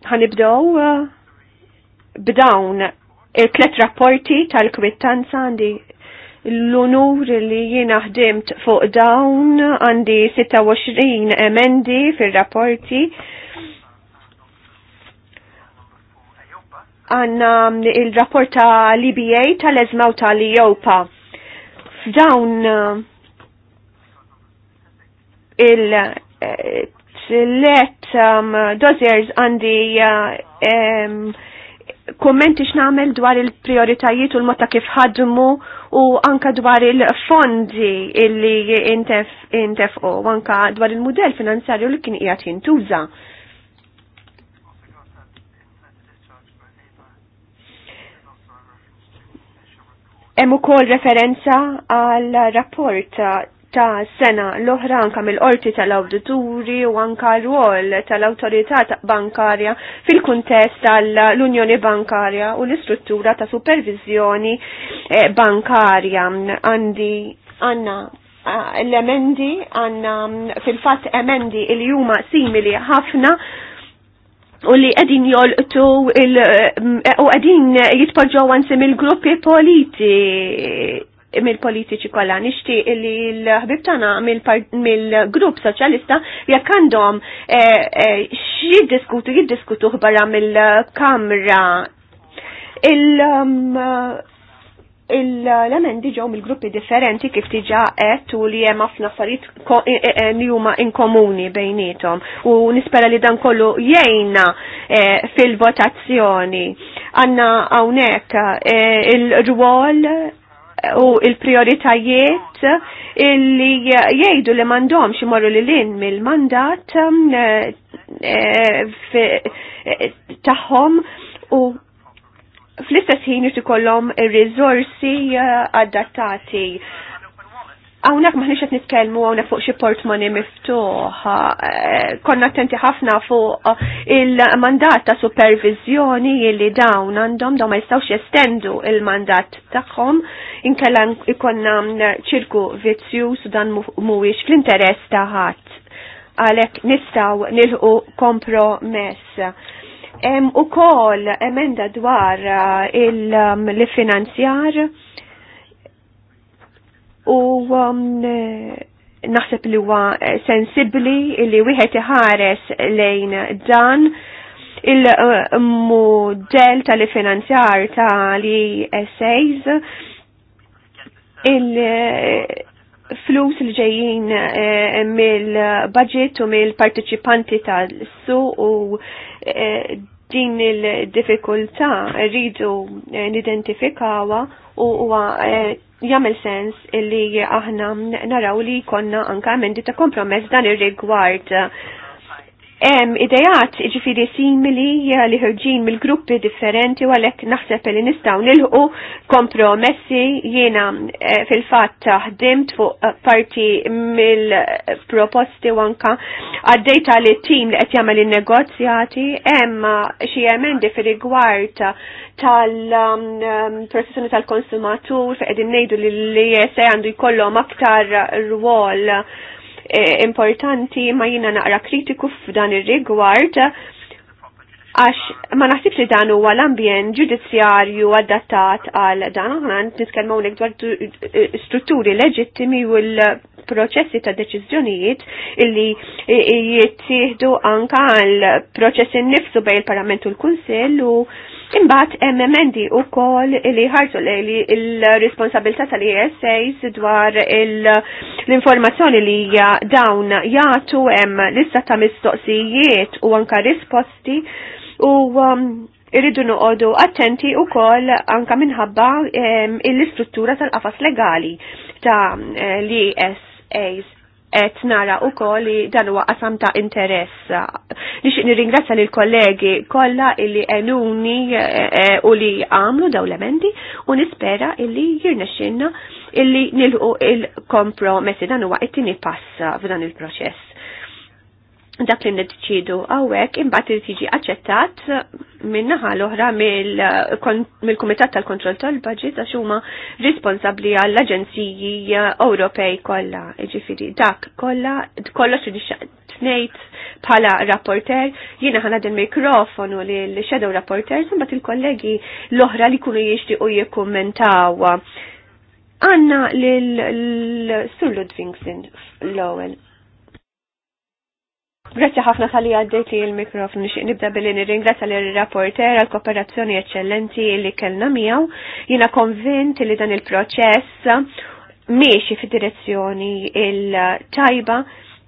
ħanibdow uh, b'dawn il-tlet rapporti tal-kwittanza għandi l-unur li jiena ħdimt fuq dawn għandi 26 emendi fil-rapporti. Għanna il-rapport ta' iba tal-ezmaw tal-Jopa. F'dawn il-let eh, um, dozers għandi uh, um, kommenti x'namel dwar il-prioritajiet u l motta kif ħadmu u anka dwar il-fondi illi intef, u anka dwar il-modell finanzjarju li kien qiegħed jintuża. Hemm ukoll referenza għal rapport ta' sena l-oħra anka mill-qorti tal-awdituri u anka wol tal-autorità bankarja fil-kuntest tal-Unjoni Bankarja u l-istruttura ta' supervizjoni eh, bankarja. Għandi għanna eh, l-emendi għanna mm, fil-fat emendi il-juma simili ħafna u li għedin jolqtu eh, mm, u għedin jitpoġġaw għansim il-gruppi politi mill-politiċi kollha nixtieq li l-ħbib tagħna mill-grupp soċjalista jekk għandhom eh, eh, x'jiddiskutu jiddiskutu barra mill-Kamra um, l-emendi ġew mill-gruppi differenti kif tiġa qed u li hemm ħafna affarijiet e- e- e- li huma inkomuni bejnietom u nispera li dan kollu jgħinna eh, fil-votazzjoni. Għanna hawnhekk il-rwol u il-prioritajiet illi jgħidu li mandom ximorru li l-in mill-mandat eh, eh, taħħom u fl-istess ħin jrid ikollhom risorsi eh, adattati Għawnek maħniċ għet nitkelmu għawnek fuq xie portmoni miftuħ, eh, konna attenti ħafna fuq il-mandat ta' supervizjoni li dawn għandhom dawn ma jistawx jestendu il-mandat tagħhom inkella ikonna mm, ċirku vizzjus dan mhuwiex fl-interess ta' ħadd għalhekk nistgħu nilħu kompromess. U kol emenda dwar il-finanzjar. Eh, il mm, finanzjar u um, naħseb li huwa eh, sensibbli li wieħed iħares lejn dan il-modell tal-finanzjar tal-ESAs il-flus eh, li ġejjin eh, mill-budget u mill-partiċipanti tal-su u din il difikulta rridu nidentifikawa u huwa jagħmel sens illi aħna naraw li konna anka emendi ta' kompromess dan ir-rigward Em, idejat ġifiri simili li ħirġin mill-gruppi differenti u għalek naħseb li nistaw nilħu kompromessi jiena eh, fil-fat taħdim fuq eh, parti mill-proposti wanka għaddejta li tim li qed jagħmel in-negozjati hemm eh, xi emendi fil tal um, um, professjoni tal-konsumatur fejn qegħdin ngħidu li jese għandu jkollhom aktar rwol Eh, importanti ma jina naqra kritiku f'dan ir-rigward għax ma naħsibx li dan huwa l-ambjent ġudizzjarju adattat għal dan aħna nitkellmu hawnhekk dwar eh, strutturi leġittimi u l-proċessi ta' deċiżjonijiet illi jittieħdu anka għal proċessi nnifsu bejn il-Parlament u l-Kunsill u Imbat emmendi u kol li ħarġu li il-responsabilità tal-ESAs dwar l-informazzjoni li dawn jatu hemm lista ta' mistoqsijiet u anka risposti u um, irridu noqogħdu attenti u kol anka minħabba um, l-istruttura tal-qafas legali ta' eh, l-ESAs et nara u koll li dan huwa qasam ta' interess. Nixtieq nirringrazzja lil kollegi kollha illi enuni eh, eh, u li għamlu daw l-emendi u nispera illi jirnexxinna illi nilħu il-kompromessi dan huwa it-tieni pass f'dan il-proċess dak li nidċidu għawek imbagħad li tiġi aċċettat minnaħa l-oħra mill-Kumitat tal-Kontroll tal-Budget għax huma responsabbli għall-Aġenziji Ewropej kollha. Jiġifieri dak kollha kollox tnejt bħala rapporter, jiena ħana din mikrofonu li l-shadow rapporter, imbagħad il-kollegi l-oħra li kunu jixtiequ jikkummentaw. Għanna lil Sur Ludvingsen l-ewwel. Grazie ħafna tal-li għaddejti il-mikrofon nixtieq nibda billi nirringrazzja l rapporter għal kooperazzjoni eccellenti li kellna miegħu. Jiena konvint li dan il-proċess miexi fid-direzzjoni il-tajba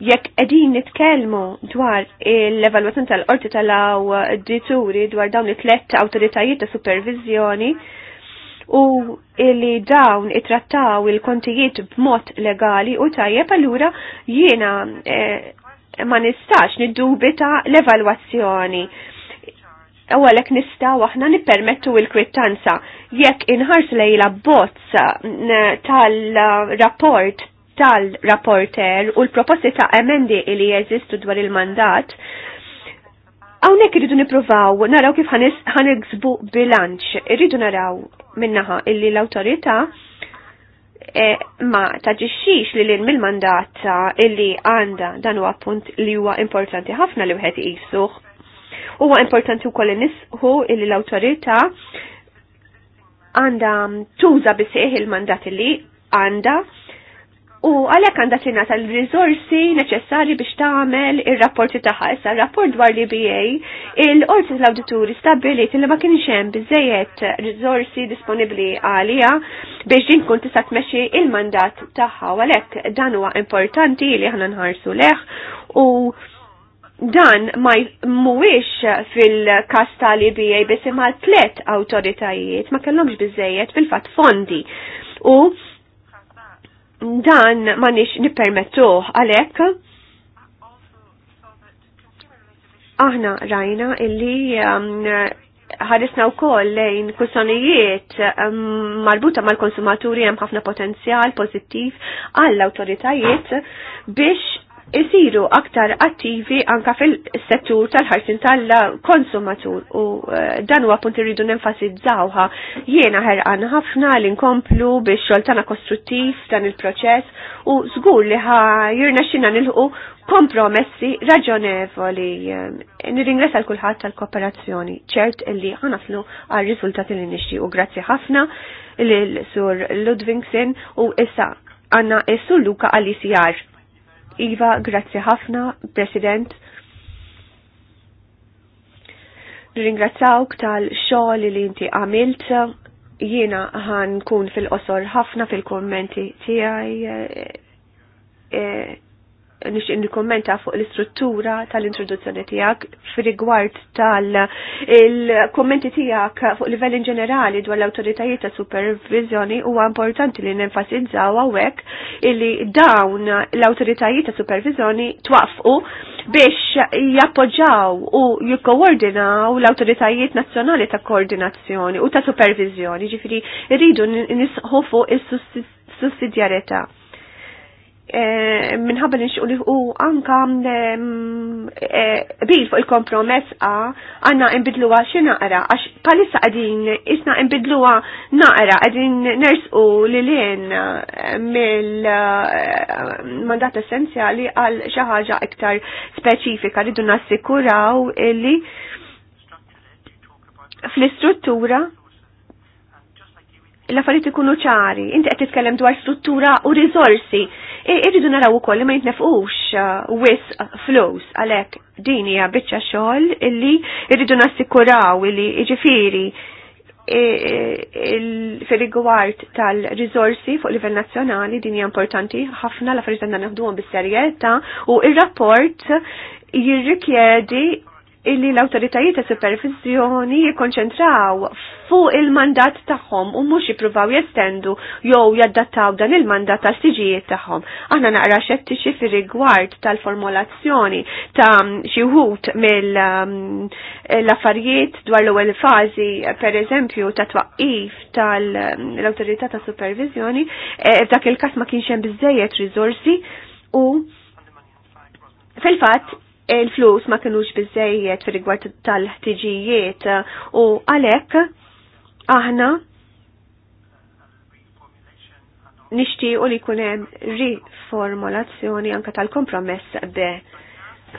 jekk qegħdin nitkellmu dwar l-evalwazzjoni tal-qorti tal-awdituri dwar dawn it-tlet awtoritajiet ta' supervizjoni u li dawn it-trattaw il-kontijiet b'mod legali u tajjeb allura jiena eh, ma nistax niddubita l-evalwazzjoni. Ewwelek nistgħu aħna nippermettu l-kwittanza jekk inħars lejla bozz tal-rapport tal-rapporter u l-proposti ta' emendi li jeżistu dwar il-mandat, Għawnek irridu nipruvaw, naraw kif ħanegżbu bilanċ, irridu naraw minnaħa illi l-autorita E, ma taġiċiċ li l-in mill-mandat illi għanda dan huwa punt li huwa importanti ħafna li wieħed jisuh. Huwa importanti wkoll nisħu illi l-awtorità għanda tuża bisieħ il-mandat illi għanda U għalhekk għandha tina tal-rizorsi neċessari biex tagħmel ir-rapporti tagħha. Issa rapport dwar l-IBA il-qorti tal-awdituri stabbilit li ma kienx hemm biżejjed riżorsi disponibbli għalija biex din kun tista' tmexxi il-mandat tagħha. Għalhekk dan huwa importanti li aħna nħarsu leħ u dan ma mhuwiex fil-kas tal-IBA biss imma tliet awtoritajiet ma kellhomx biżejjed fil-fatt fondi. U dan ma nix nipermettu għalek. Aħna rajna illi um, ħarisna u koll lejn kussonijiet um, marbuta mal-konsumaturi hemm ħafna potenzjal pozittiv għall autoritajiet biex isiru aktar attivi anka fil-settur tal-ħarsin tal-konsumatur u eh, dan huwa punti rridu nenfasizzawha. Jiena ħerqan ħafna li nkomplu biex xogħol tagħna kostruttiv dan il-proċess u żgur li ħa jirna xina nilħu kompromessi raġonevoli. Eh, nirringressa għal kulħadd tal-kooperazzjoni. ċert illi ħanaslu għal riżultati li U Grazzi ħafna lil Sur Ludvingsen u issa għanna issu Luka għal-ICR. Iva, grazzi ħafna, President. Ringrazzawk tal-xogħol li inti għamilt. Jiena ħan kun fil-qosor ħafna fil-kommenti tiegħi. Eh, eh, nixtieq nikkommenta fuq l-istruttura tal-introduzzjoni tiegħek fir-rigward tal-kommenti tiegħek fuq livell in ġenerali dwar l-awtoritajiet ta' supervizjoni huwa importanti li nenfasizzaw hawnhekk illi dawn l-awtoritajiet ta' supervizjoni twaqfu biex jappoġġaw u jikkoordinaw l-awtoritajiet nazzjonali ta' koordinazzjoni u ta' supervizjoni, ġifiri rridu nisħu fuq is-sussidjarjetà. Eh, minħabba li li u anka mm, eh, bil fuq il-kompromess a għanna imbidluwa naqra, għax palissa għadin isna imbidluwa naqra, għadin nersqu li lien eh, mill-mandat essenzjali għal xaħġa iktar speċifika li dunna sikuraw illi fl-istruttura l-affarijiet ikunu ċari. Inti qed titkellem dwar struttura u risorsi. Irridu naraw ukoll li ma jitnefqux uh, wis flows għalhekk din hija biċċa xogħol illi irridu nassikuraw illi jiġifieri fil-rigward tal-rizorsi fuq livell nazzjonali din hija importanti ħafna l-affarijiet għandna naħduhom bis-serjetà u ir-rapport jirrikjedi illi l-autoritajiet ta' supervizjoni jikonċentraw fuq il-mandat tagħhom u mhux jippruvaw jestendu jew jaddattaw dan il-mandat għal siġijiet tagħhom. Aħna naqra xettiċi fir-rigward tal-formulazzjoni ta' xi wħud mill-affarijiet um, dwar l-ewwel fażi pereżempju ta' twaqqif tal-awtorità ta' supervizjoni eh, f'dak il-każ ma kienx hemm biżejjed riżorsi u fil-fatt il-flus ma kinux bizzejiet fil rigward tal-ħtiġijiet uh, u għalek aħna u li kunem riformulazzjoni anka tal-kompromess be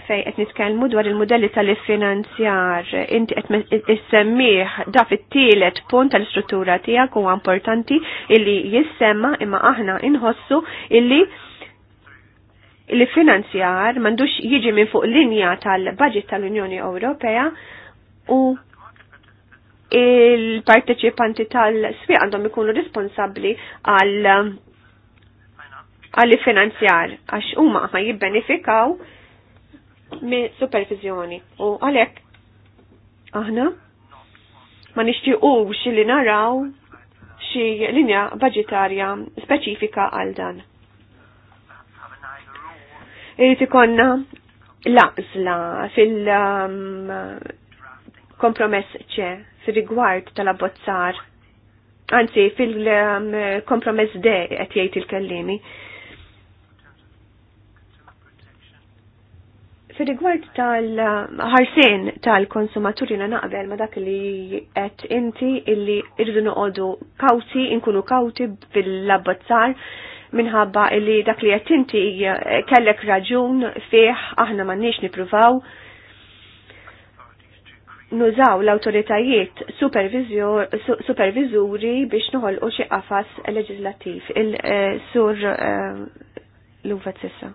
fej qed nitkellmu dwar il-modelli tal-finanzjar inti qed issemmih da fit-tielet punt tal-istruttura tiegħek huwa importanti illi jissemma imma aħna inħossu illi li finanzjar mandux jiġi minn fuq linja tal-budget tal-Unjoni Ewropea u il-parteċipanti tal-swi għandhom ikunu responsabli għal għalli finanzjar għax huma ma jibbenefikaw minn supervizjoni u għalek aħna ma nixtiequx li naraw xi linja budgetarja speċifika għal dan. Irrid ikonna laqsla fil-kompromess um, ċe fil-rigward tal-abbozzar. Anzi, fil-kompromess um, de qed jgħid il-kellimi. Fil-rigward tal-ħarsin tal-konsumaturi na naqbel ma dak li qed inti illi irdu noqogħdu kawti, inkunu kawti fil-abbozzar minħabba li dak li qed inti eh, kellek raġun fih aħna m'għandniex nippruvaw nużaw l-autoritajiet supervizuri biex noħolqu xi qafas leġislattiv il-sur eh, eh, l-uvet sissa.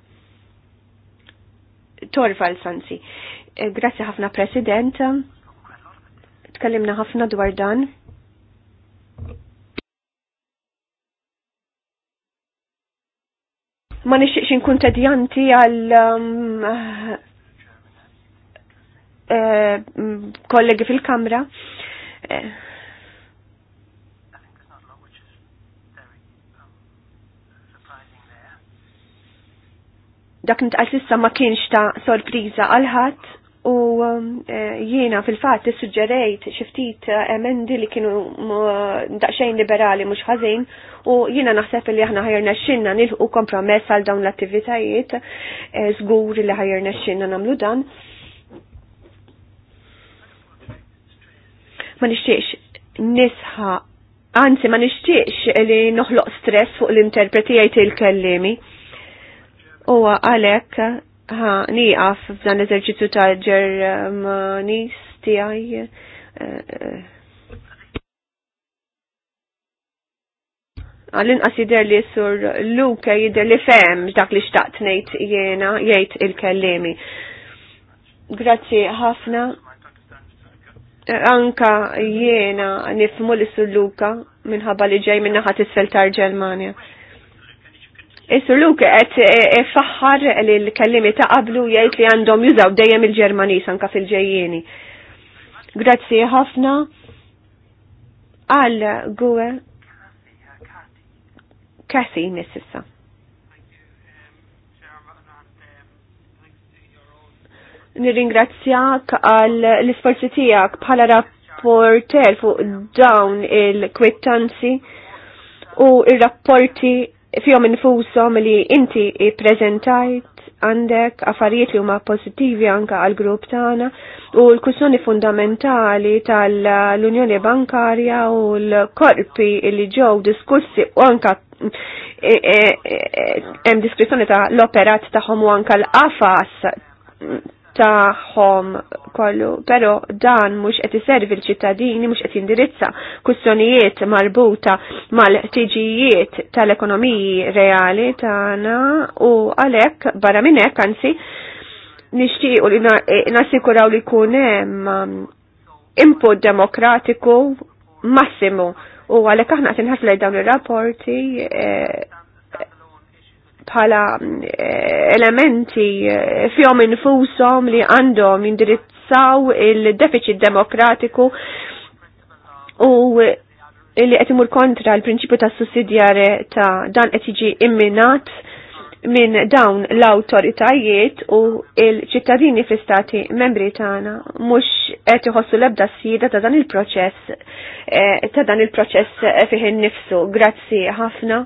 Torval Sansi. Grazzi ħafna President. Tkellimna ħafna dwar dan. ma nixtieqx inkun tedjanti għal um, eh, kollegi fil-kamra. Eh. Dak nitqal sissa ma kienx ta' sorpriża għal ħadd u um, eh, jiena fil-fatt suġġerejt xiftit eh, emendi li kienu mm, eh, daqxejn liberali mhux ħażin u jiena naħseb li aħna ħajrna xinna nilħu kompromess għal dawn l-attivitajiet żgur li ħajrna xinna nagħmlu dan. Ma nixtieqx nisħa anzi ma nixtieqx li noħloq stress fuq l-interpreti jgħid il-kellimi. Huwa għalhekk niqaf f'dan l-eżerċizzju ta' Ġermanis tiegħi. Eh, eh. għaj. inqas jidher li sur Luke jidher li fem dak li xtaqt ngħid jiena jgħid il-kellimi. Grazzi ħafna. Anka jiena nifmu li sur Luka minħabba li ġej minnaħat isfel tar Ġermanja. Is Luke qed e, e, faħħar li l-kellimi ta' qablu jgħid li għandhom jużaw dejjem il ġermaniż anka fil-ġejjieni. Grazzi ħafna għal gwe Kathy mississa. Nirringrazzjak għal l-isforzi tiegħek bħala rapporter fuq dawn il-kwittanzi u il-rapporti fjom infushom li inti prezentajt għandek affarijiet li huma pozittivi anka għal grupp tagħna u l-kussjoni fundamentali tal-Unjoni Bankarja u l-korpi li ġew diskussi u anka e, e, e, hemm diskrizzjoni ta' l-operat tagħhom u anka l-qafas taħħom kollu, però dan mhux qed iservi l-ċittadini mhux qed jindirizza kwistjonijiet marbuta mal-tiġijiet tal-ekonomiji reali tagħna u għalhekk barra minn hekk anzi nixtiequ li eh, nassikuraw li jkun hemm um, input demokratiku massimu u għalhekk aħna qed inħaslu dawn ir-rapporti eh, bħala eh, elementi eh, fjom infusom li għandhom indirizzaw il-deficit demokratiku u li qed imur kontra l-prinċipju ta' sussidjare ta' dan qed jiġi imminat minn dawn l-autoritajiet u il-ċittadini fl-istati membri tagħna mhux qed iħossu l-ebda sfida ta' dan il-proċess eh, ta' dan il-proċess fih innifsu. Grazzi ħafna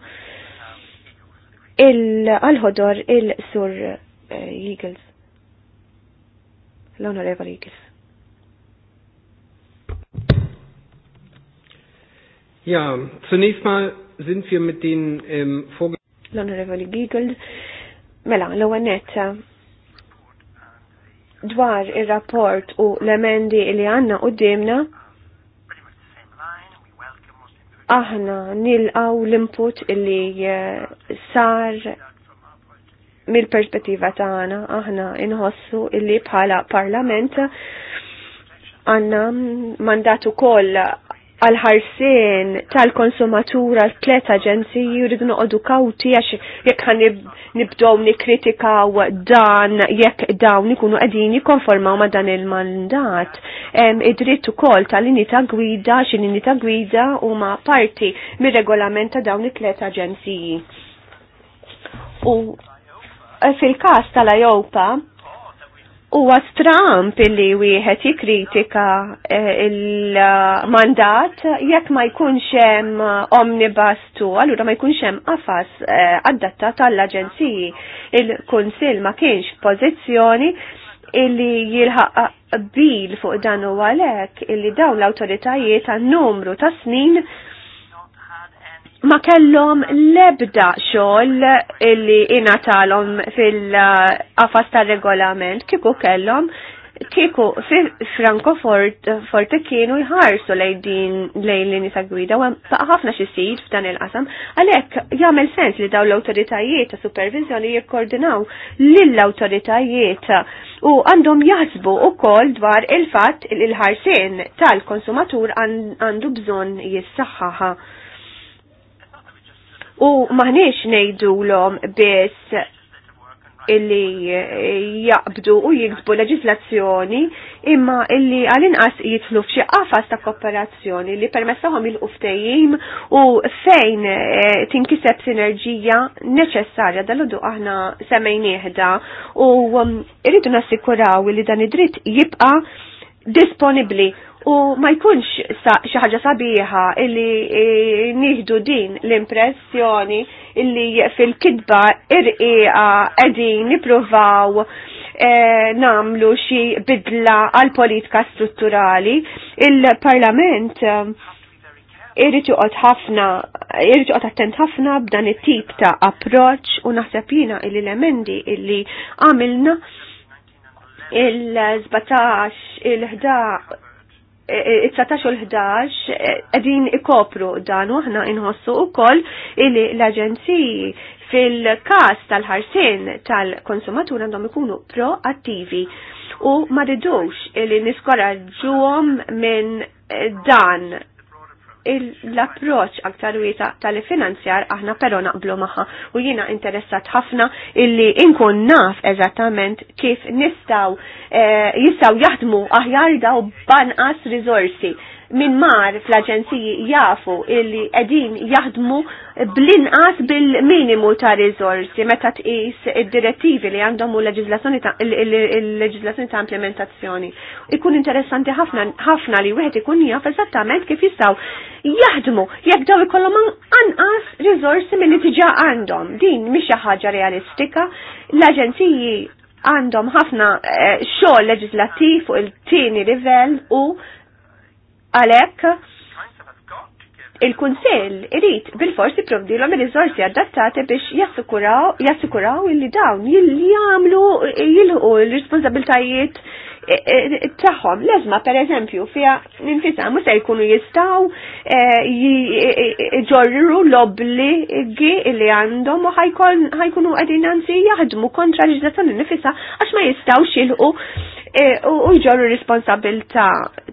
il-ħodor il-sur eh, Eagles. L-onorevoli Eagles. Ja, zunächst mal sind wir mit den ähm, Vorgängen. L-Honorable mela, l-għanetta, eh, dwar il-rapport u l-emendi li għanna u demna, aħna nilqaw l-input illi eh, sar mill-perspettiva tagħna aħna inħossu illi bħala parlament għanna mandatu koll għal ħarsien tal-konsumatura tlet aġenziji jridu noqogħdu kawti għax jekk ħan nibdew nikkritikaw dan jekk dawn ikunu qegħdin jikkonformaw ma' dan il-mandat. Id-dritt ukoll tal-lini ta' gwida xi lini ta' gwida huma parti mir regolamenta dawn it-tlet aġenziji. U eh, fil-każ tal-Ajopa, huwa Trump illi wieħed jikkritika eh, il-mandat jekk ma jkunx hemm omnibus tu, allura ma jkunx hemm qafas eh, adatta tal-aġenziji. Il-Kunsill ma kienx pożizzjoni illi jilħaq bil fuq dan u għalhekk illi dawn l-awtoritajiet għan numru ta' snin ma kellhom lebda xogħol illi inatalhom fil-qafas tar-regolament kieku kellhom kieku Franco Forte kienu jħarsu lejn din lejn li nisa gwida u ħafna xi sid f'dan il-qasam għalhekk jagħmel sens li daw l-awtoritajiet ta' supervizjoni jikkordinaw lill-awtoritajiet u għandhom jaħsbu wkoll dwar il-fatt il-ħarsien tal-konsumatur għandu bżonn jissaħħaħa u maħniex l-om biss illi jaqbdu u jiktbu leġislazzjoni imma illi għal-inqas jitlu f'xi qafas ta' kooperazzjoni li permessahom il-uftejjim u fejn e, tinkiseb sinerġija neċessarja dal-għadu aħna semmejnieħda u um, rridu nassikuraw li dan id-dritt jibqa' disponibli U ma jkunx xi ħaġa sabiħa illi e, nieħdu din l-impressjoni illi fil-kidba irqiqa qegħdin nippruvaw e, namlu xi bidla għal politika strutturali. Il-Parlament e, irid joqgħod ħafna, irid joqgħod attent ħafna b'dan it-tip ta' approċċ u naħseb jiena l emendi illi għamilna il-17, il-11 19 u l-11 eh, qegħdin ikopru dan u aħna inħossu wkoll illi l-aġenziji fil-każ tal-ħarsien tal-konsumatur għandhom ikunu proattivi u ma ridux illi niskoraġġuhom minn eh, dan l-approċ aktar wieta tal-finanzjar aħna però naqblu maħħa u jiena interessat ħafna illi inkun naf eżattament kif nistaw eh, jistaw jaħdmu aħjar daw banqas rizorsi minn mar fl-aġenziji jafu illi edin jaħdmu blinqas bil-minimu ta' rizorsi meta tqis id-direttivi li għandhom u l-leġizlazzjoni ta' implementazzjoni. Ikun interessanti ħafna li wieħed ikun jaf eżattament kif jistgħu jaħdmu jekk daw ikollhom anqas rizorsi milli tiġa għandhom. Din mhix xi ħaġa realistika. L-aġenziji għandhom ħafna eh, xogħol leġislattiv fuq il-tieni livell u Għalhekk il-Kunsill irid bil-forsi provdilhom ir rizorsi adattati biex jassikuraw jassikuraw illi dawn li jagħmlu jilħu l-responsabiltajiet e, e, tagħhom. Leżma pereżempju fiha ninfisha mhux se jkunu jistgħu e, ġorru l-obbligi li għandhom u ħajkunu għedin għanzi jahdmu kontra l ġizazzjoni nifisha għax ma jistgħux jilħu E, u jġorru responsabilta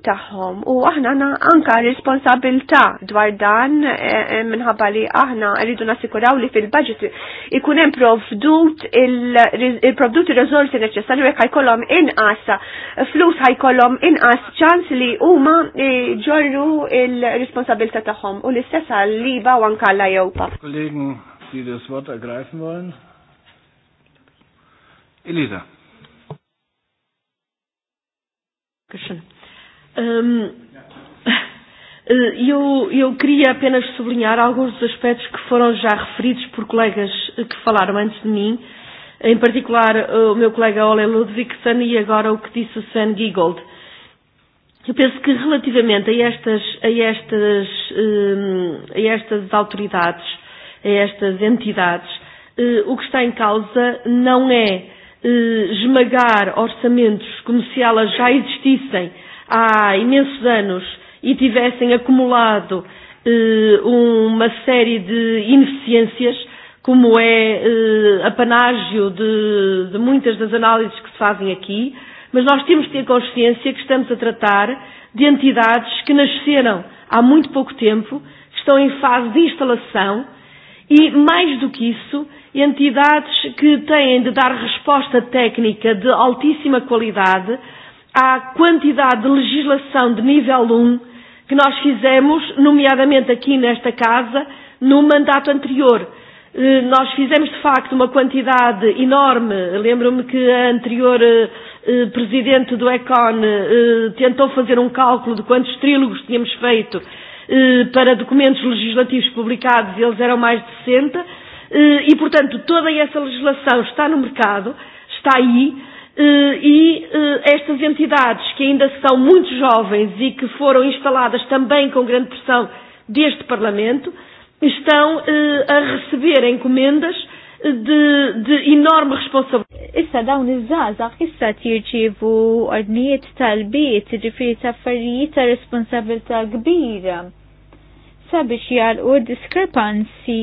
taħħom u aħna anka responsabilta dwar dan e, e, minħabba li aħna rridu nasikuraw li fil-budget ikunem provdut il-provdut il-rizorsi neċessarju għek ħajkollhom inqas flus ħajkollhom inqas ċans li huma ġorru il-responsabilta taħħom u l-istess għal-liba u anka l-Ewpa. Kollegen, die das Wort ergreifen wollen? Elisa. Kixin. Um, ehm, [LAUGHS] eu, eu queria apenas sublinhar alguns dos aspectos que foram já referidos por colegas que falaram antes de mim, em particular o e, meu colega Ole Ludvigsen e agora o que disse o Sam Giegold. Eu penso que relativamente a estas, a estas, a estas autoridades, e a estas entidades, o que está em causa não é Eh, esmagar orçamentos como se elas já existissem há imensos anos e tivessem acumulado eh, uma série de ineficiências, como é eh, apanágio de, de muitas das análises que se fazem aqui, mas nós temos que ter consciência que estamos a tratar de entidades que nasceram há muito pouco tempo, que estão em fase de instalação e, mais do que isso, E entidades que têm de dar resposta técnica de altíssima qualidade à quantidade de legislação de nível 1 um que nós fizemos, nomeadamente aqui nesta casa, no mandato anterior. Eh, nós fizemos, de facto, uma quantidade enorme. Lembro-me que a anterior eh, eh, presidente do ECON tentou fazer um cálculo de quantos trílogos tínhamos feito para documentos legislativos publicados, e eles eram mais de 60 Eh, e, portanto, toda essa legislação está no mercado, está aí, eh, e eh, estas entidades que ainda são muito jovens e que foram instaladas também com grande pressão deste Parlamento, estão a receber encomendas de, de enorme responsabilidade. Issa dawn iż-żgħażagħ issa tirċievu ordnijiet tal-bit, ġifieri ta' ta' responsabilità kbira sabiex jalqu diskrepanzi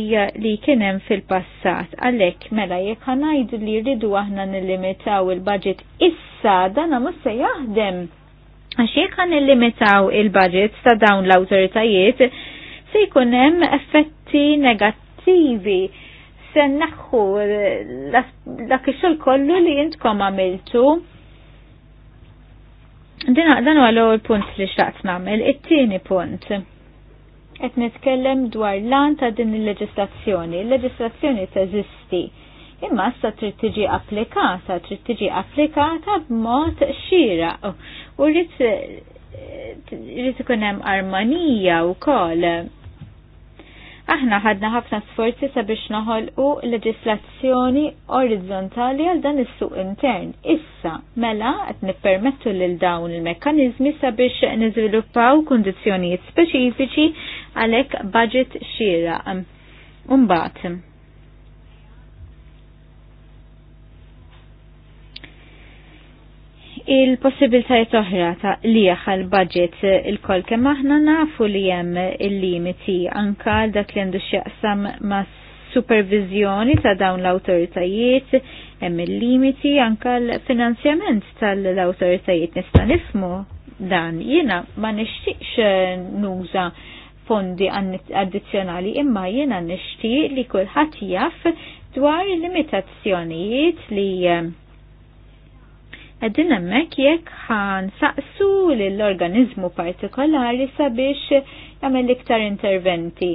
li kienem fil-passat. Għalek, mela, jek ħanajdu li rridu aħna nillimitaw il-budget issa, dana musse se jaħdem. Għax jek ħan nillimitaw il-budget ta' dawn l-autoritajiet, se jkunem effetti negattivi sen naħħu dak ix-xogħol kollu li intkom għamiltu. Din dan huwa l-ewwel punt li xtaqt nagħmel, it-tieni punt qed nitkellem dwar lan ta' din il-leġislazzjoni. Il-leġislazzjoni teżisti imma sa trid tiġi applikata, trid tiġi applikata b'mod xira. U rrid ikun hemm armonija wkoll. Aħna ħadna ħafna sforzi sabiex u leġislazzjoni orizzontali għal dan is-suq intern. Issa, mela qed nippermettu lil dawn il-mekkaniżmi sabiex niżviluppaw kundizzjonijiet speċifiċi għalek budget xira. Umbat. Il-possibilitajiet oħra ta' li jaħal budget il-kol kemm aħna nafu li hemm il-limiti anka dak li għandu x'jaqsam ma' supervizjoni ta' dawn l-autoritajiet, hemm il-limiti anka l-finanzjament tal-autoritajiet nista' nifmu dan jiena ma nixtieqx nuża fondi addizzjonali imma jiena nishti li kulħadd jaf dwar il-limitazzjonijiet li eh, għaddin emmek jekk ħan saqsu l-organizmu partikolari sabiex jagħmel iktar interventi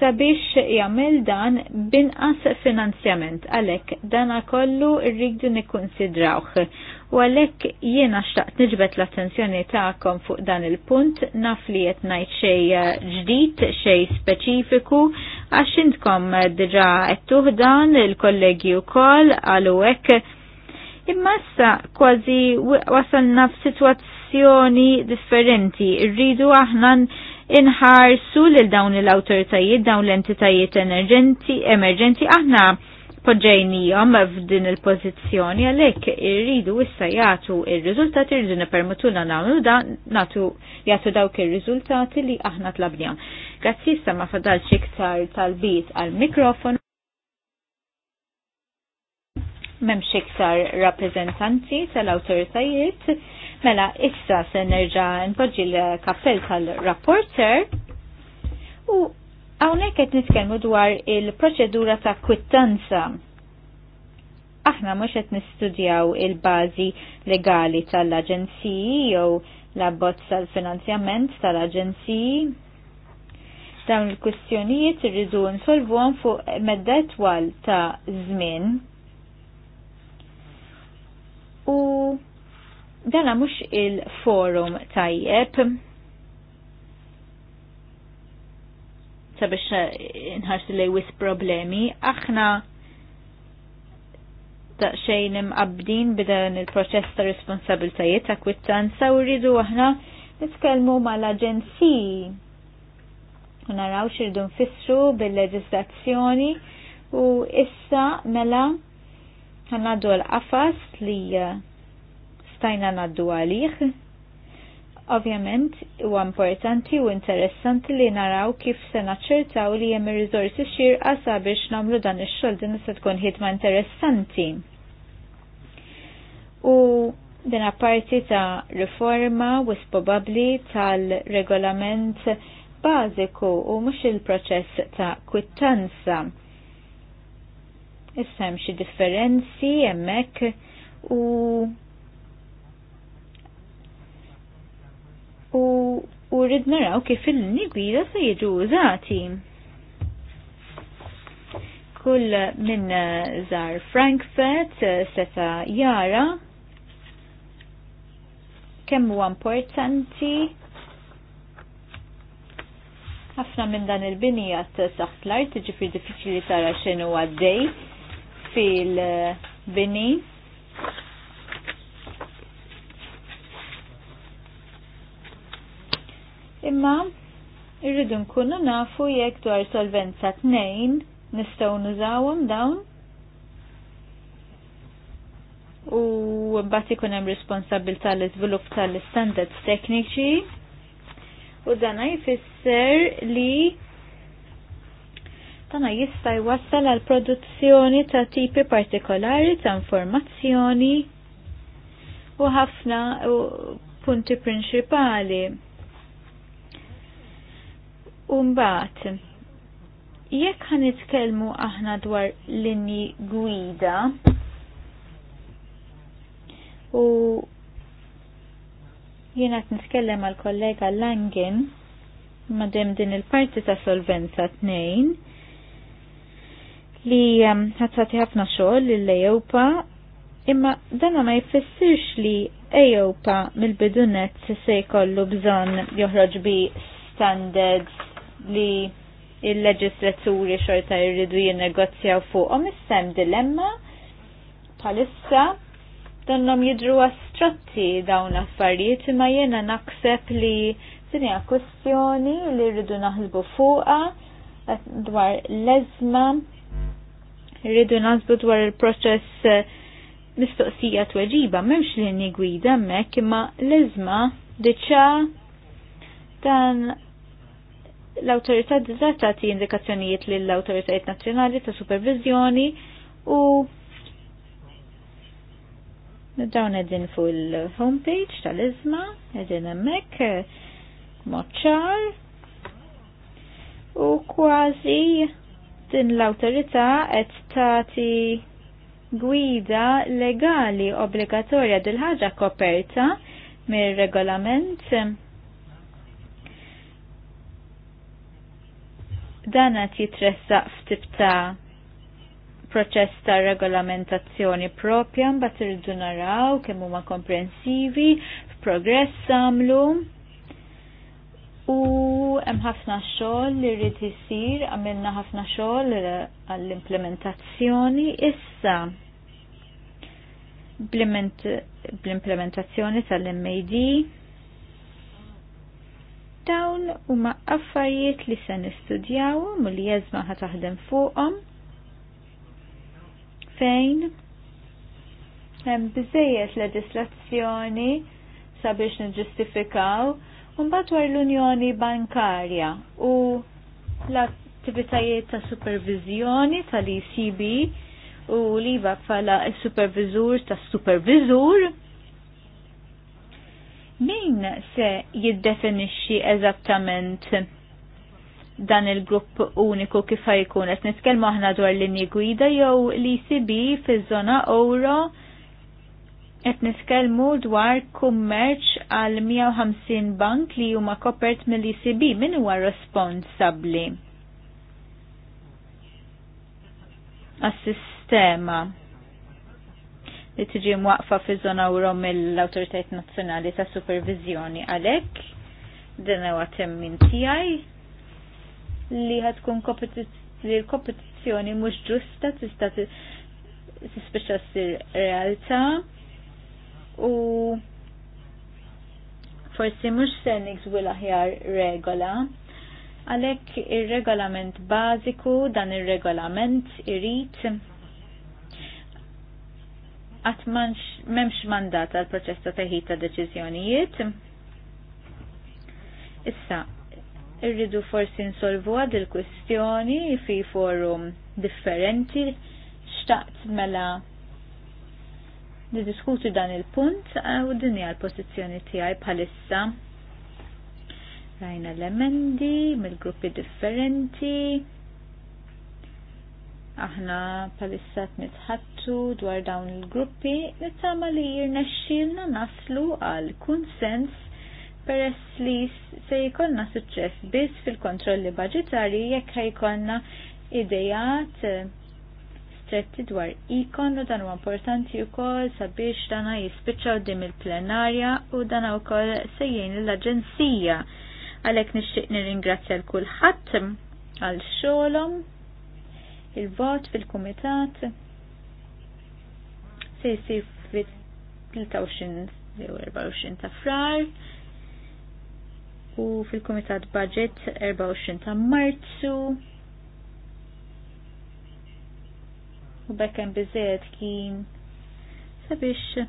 sabiex jagħmel dan binqas finanzjament għalhekk dana kollu rridu nikkonsidrawh U għalek jiena xtaqt nġbet l-attenzjoni tagħkom fuq dan il-punt naf li qed ngħid xej eh, ġdid, xej speċifiku għax intkom diġà qed dan il-kollegi wkoll għalu hekk. Imma issa kważi wasalna f'sitwazzjoni differenti, rridu aħna inħarsu lil dawn l-awtoritajiet, dawn l-entitajiet emerġenti, aħna poġġejnijom f'din il-pozizjoni għalek irridu issa jgħatu il-rizultati irridu nipermetu la namlu da natu jgħatu dawk il-rizultati li aħna tlabnijom. Grazzi issa ma fadal xiktar tal-bit għal-mikrofon. Mem xiktar rappresentanti tal-autoritajiet. Mela, issa se nerġa' npoġġi l-kappell tal-rapporter u Hawnhekk qed nitkellmu dwar il-proċedura ta' kwittanza. Aħna mhux qed nistudjaw il-bażi legali tal-aġenziji jew l-abbozz tal-finanzjament tal-aġenziji. Dawn il-kwistjonijiet irridu nsolvuhom fuq medda twal ta' żmien. U dana mux il-forum tajjeb sabiex eh, nħarx li wis problemi. Aħna daqxejn imqabdin b'dan il-proċess ta' responsabiltajiet ta' kwittanza u rridu aħna nitkellmu mal-aġenziji u naraw xirdu nfissru bil-leġislazzjoni u issa mela ħanaddu l-qafas li eh, stajna naddu għalih Ovvjament, huwa importanti u interessanti li naraw kif se naċċertaw li hemm ir-riżorsi xirqa sabiex nagħmlu dan ix-xogħol din se tkun ħidma interessanti. U din apparti ta' riforma u probabbli tal-regolament bażiku u mhux il-proċess ta' kwittanza. Issa hemm xi differenzi hemmhekk u u u rrid naraw kif il-linji gwida se jiġu użati. Kull minn żar eh, Frankfurt eh, seta jara kemm huwa importanti ħafna minn dan il-binijat saħt l-art, ġifir diffiċli tara x'inhu għaddej fil-bini. imma irridu nkunu nafu jekk dwar solvenza tnejn nistgħu nużawhom dawn u mbagħad ikun hemm responsabilità l iżvilupp tal-istandards tekniċi u dan jfisser li tana jista' jwassal għal produzzjoni ta' tipi partikolari ta' informazzjoni u ħafna punti prinċipali Umbat, jekk ħan nitkellmu aħna dwar linji gwida u jiena qed nitkellem għal kollega Langin madem din il-parti ta' solvenza tnejn li um, ħatsati ħafna xogħol lill ejopa imma dana ma jfissirx li Ejewpa mill-bidunet se jkollu bżonn joħroġ bi standards li il-leġislaturi xorta jirridu jinnegozjaw fuqhom issem dilemma bħalissa donnom jidru astratti dawn affarijiet imma jiena naħseb li din kustjoni li rridu naħsbu fuqha dwar lezma, eżma rridu naħsbu dwar il-proċess eh, mistoqsija tweġiba m'hemmx li gwida hemmhekk imma lezma diċa dan l-autorità d-dizzat tagħti indikazzjonijiet lill awtoritajiet nazzjonali ta' supervizjoni u dawn edin fuq il-homepage tal-izma, edin emmek, moċċar, u kważi din l-autorità qed tagħti gwida legali obbligatorja dil ħaġa koperta mir-regolament dan qed jitressaq ftib ta' proċess ta' regolamentazzjoni propja mbagħad irridu naraw kemm huma komprensivi, f'progress samlu u hemm ħafna xogħol li rrid isir, għamilna ħafna xogħol għall-implementazzjoni issa bl-implementazzjoni tal-MAD Dawn huma affarijiet li se nistudjaw u li jeżma ħa taħdem fuqhom fejn hemm biżejjed leġislazzjoni sabiex niġġustifikaw Mbagħad war l-Unjoni Bankarja u l-attivitajiet ta' supervizjoni tal-ECB u l bħala s-supervizur ta' supervizur Min se jiddefinixxi eżattament dan il-grupp uniku kif jkun qed nitkellmu aħna dwar linji gwida jew li sibi fiż-żona ewro qed nitkellmu dwar kummerċ għal 150 bank li huma kopert mill-ECB min huwa responsabbli għas-sistema li tiġi mwaqfa fi zona euro mill-Autoritajt Nazzjonali ta' Supervizjoni għalek din huwa temmin tiegħi li ħad tkun li l-kompetizzjoni mhux ġusta tista' tispiċċa ssir realtà u forsi mhux se nigżwil aħjar regola għalhekk ir-regolament bażiku dan ir-regolament irid għat memx mandat għal proċess ta' teħid ta' deċiżjonijiet. Issa, irridu forsi nsolvu għad il-kwistjoni fi forum differenti, xtaqt mela nidiskutu dan il-punt eh, u dinja l-pozizjoni tijaj bħalissa. Rajna l-emendi mill-gruppi differenti, aħna palissat nitħattu dwar dawn il-gruppi nittama li jirnexxilna naslu għal kunsens peress li se jkollna suċċess biss fil-kontrolli budgetari jekk ħajkollna idejat eh, stretti dwar ikon u dan huwa importanti wkoll sabiex dana jispiċaw dim il-plenarja u dana u se jgħin l-aġenzija għalhekk nixtieq nirringrazzja l kulħadd għal xolom Il-vot fil-Kumitat se jsir fit-23 jew ta' frar u fil-Kumitat Budget 24 ta' Marzu. U bekken biżed kien sabiex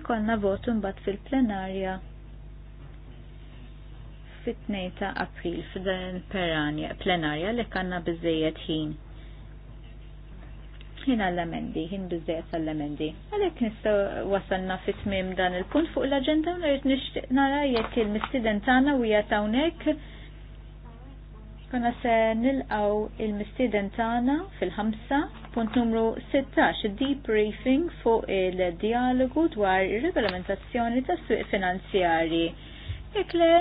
ikonna votu mbat fil-plenarja fit-2 ta' April f'dan plenarja li kanna biżejjed ħin jiena l-emendi, jien bizzejt l-emendi. Għalhekk nista' wasalna fit mim dan il-punt fuq l agenda u nrid nara jekk il-mistiden tana u hawnhekk. Konna se nilqgħu il-mistiden tana fil-ħamsa punt numru 16 deep briefing fuq il-dialogu dwar ir-regolamentazzjoni tas-suq finanzjari. Jekk le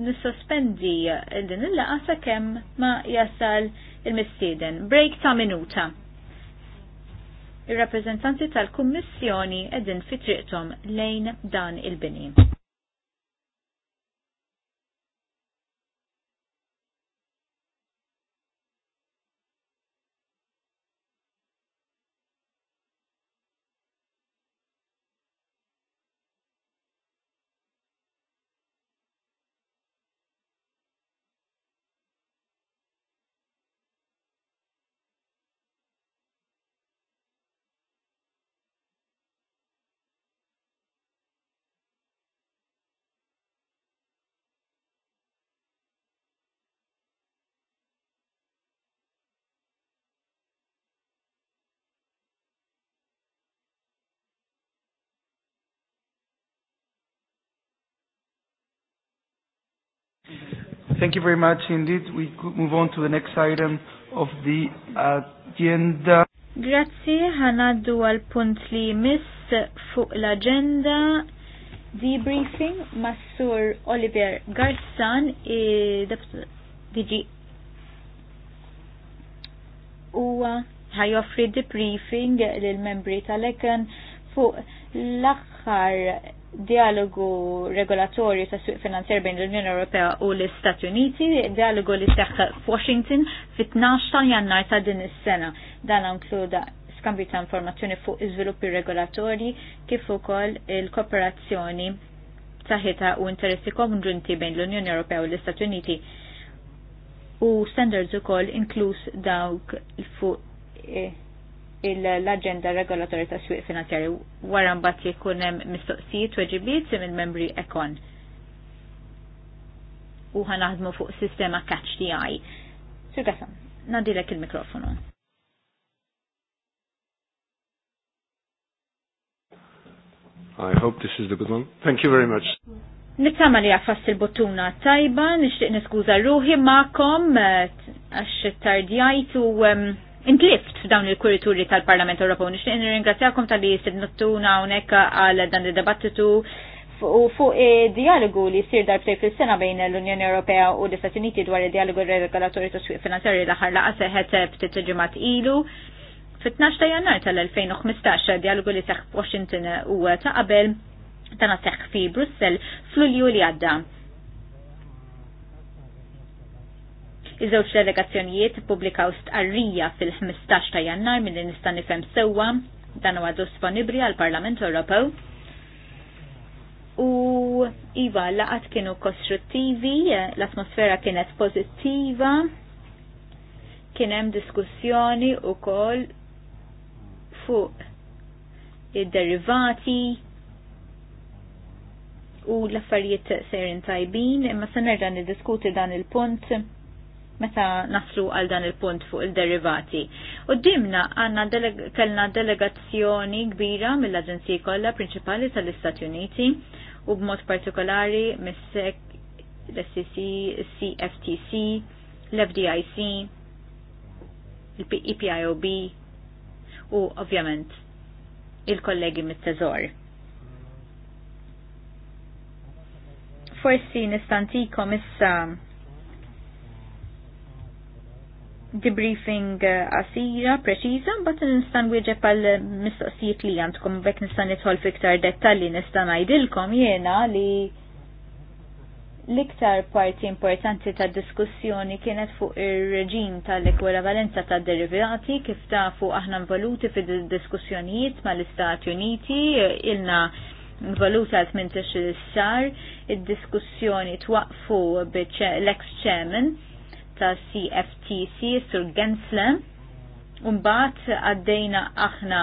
nissospendi din il-laqa sakemm ma jasal il-mistieden. Break ta' minuta. Ir-rappreżentanti tal-Kummissjoni qegħdin fi triqthom lejn dan il-bini. Thank you very much indeed. We could move on to the next item of the agenda. Grazie, ħanaddu għal punt li miss fuq l-agenda debriefing Massur Oliver Garzan i DG u ħajoffri debriefing lil membri tal-ekan fuq l-axħar dialogu regolatorju ta' suq finanzjer bejn l-Unjoni Ewropea u l-Istati Uniti, dialogu li seħħ f'Washington fit-12 ta' jannar ta' din is-sena. Dan inkluda skambju ta' informazzjoni fuq iżviluppi regolatorji kif ukoll il-kooperazzjoni saħħita u interessi konġunti bejn l-Unjoni Ewropea u l-Istati Uniti u standards ukoll inkluż dawk fuq eh, l-agenda regolatorja ta' swieq finanzjari wara mbagħad li jkun hemm mistoqsijiet weġibiet minn membri ekon. U ħanaħdmu fuq sistema catch the eye. Sir Gasam, nadilek il-mikrofonu. I hope this is the good one. Thank you very much. Nittama li għaffast il-bottuna tajba, nishtiq niskuza ruħi ma'kom, eh, għax tardjajtu intlift f'dawn il-kurituri tal-Parlament Ewropew. Nixtieq nirringrazzjakom tal-li sidnottuna hawnhekk għal dan id-dibattitu u fuq dialogu li jsir darbtej fil-sena bejn l-Unjoni Ewropea u l-Istati Uniti dwar id-dialogu regolatori ta' swieq finanzjarji l-aħħar laqas seħet ftit ġimgħat ilu. Fit-12 ta' jannar tal-2015 dialogu li seħħ Washington u ta' qabel tana seħħ fi Brussel fl li għadda Iżewġ delegazzjonijiet publikaw stqarrija fil-15 ta' jannar minn nista' nifhem sewwa dan huwa disponibbli għall Parlament Ewropew. U iva laqat kienu kostruttivi, l-atmosfera kienet pożittiva, kien hemm diskussjoni wkoll fuq id-derivati u l-affarijiet serin tajbin, imma se nerġa' niddiskuti dan il-punt meta naslu għal dan il-punt fuq il-derivati. U dimna għanna deleg kellna delegazzjoni kbira mill aġenzija kollha prinċipali tal-Istati Uniti u b'mod partikolari mis-SEC, e l-SEC, CFTC, l-FDIC, il-EPIOB u ovvjament il-kollegi mit-teżor. Forsi nistantikom issa debriefing għasija, eh, preċiża, bat nistan wieġeb għal mistoqsijiet li għandkom bekk nistan nidħol fiktar dettalji nistan għajdilkom jena li l-iktar parti importanti ta' diskussjoni kienet fuq ir-reġim tal-ekwivalenza ta' derivati kif ta' fuq aħna valuti fi diskussjonijiet ma' l-Istati Uniti ilna valuta il sar id-diskussjoni twaqfu l-ex-chairman ta' CFTC sur Gensle. Umbat għaddejna aħna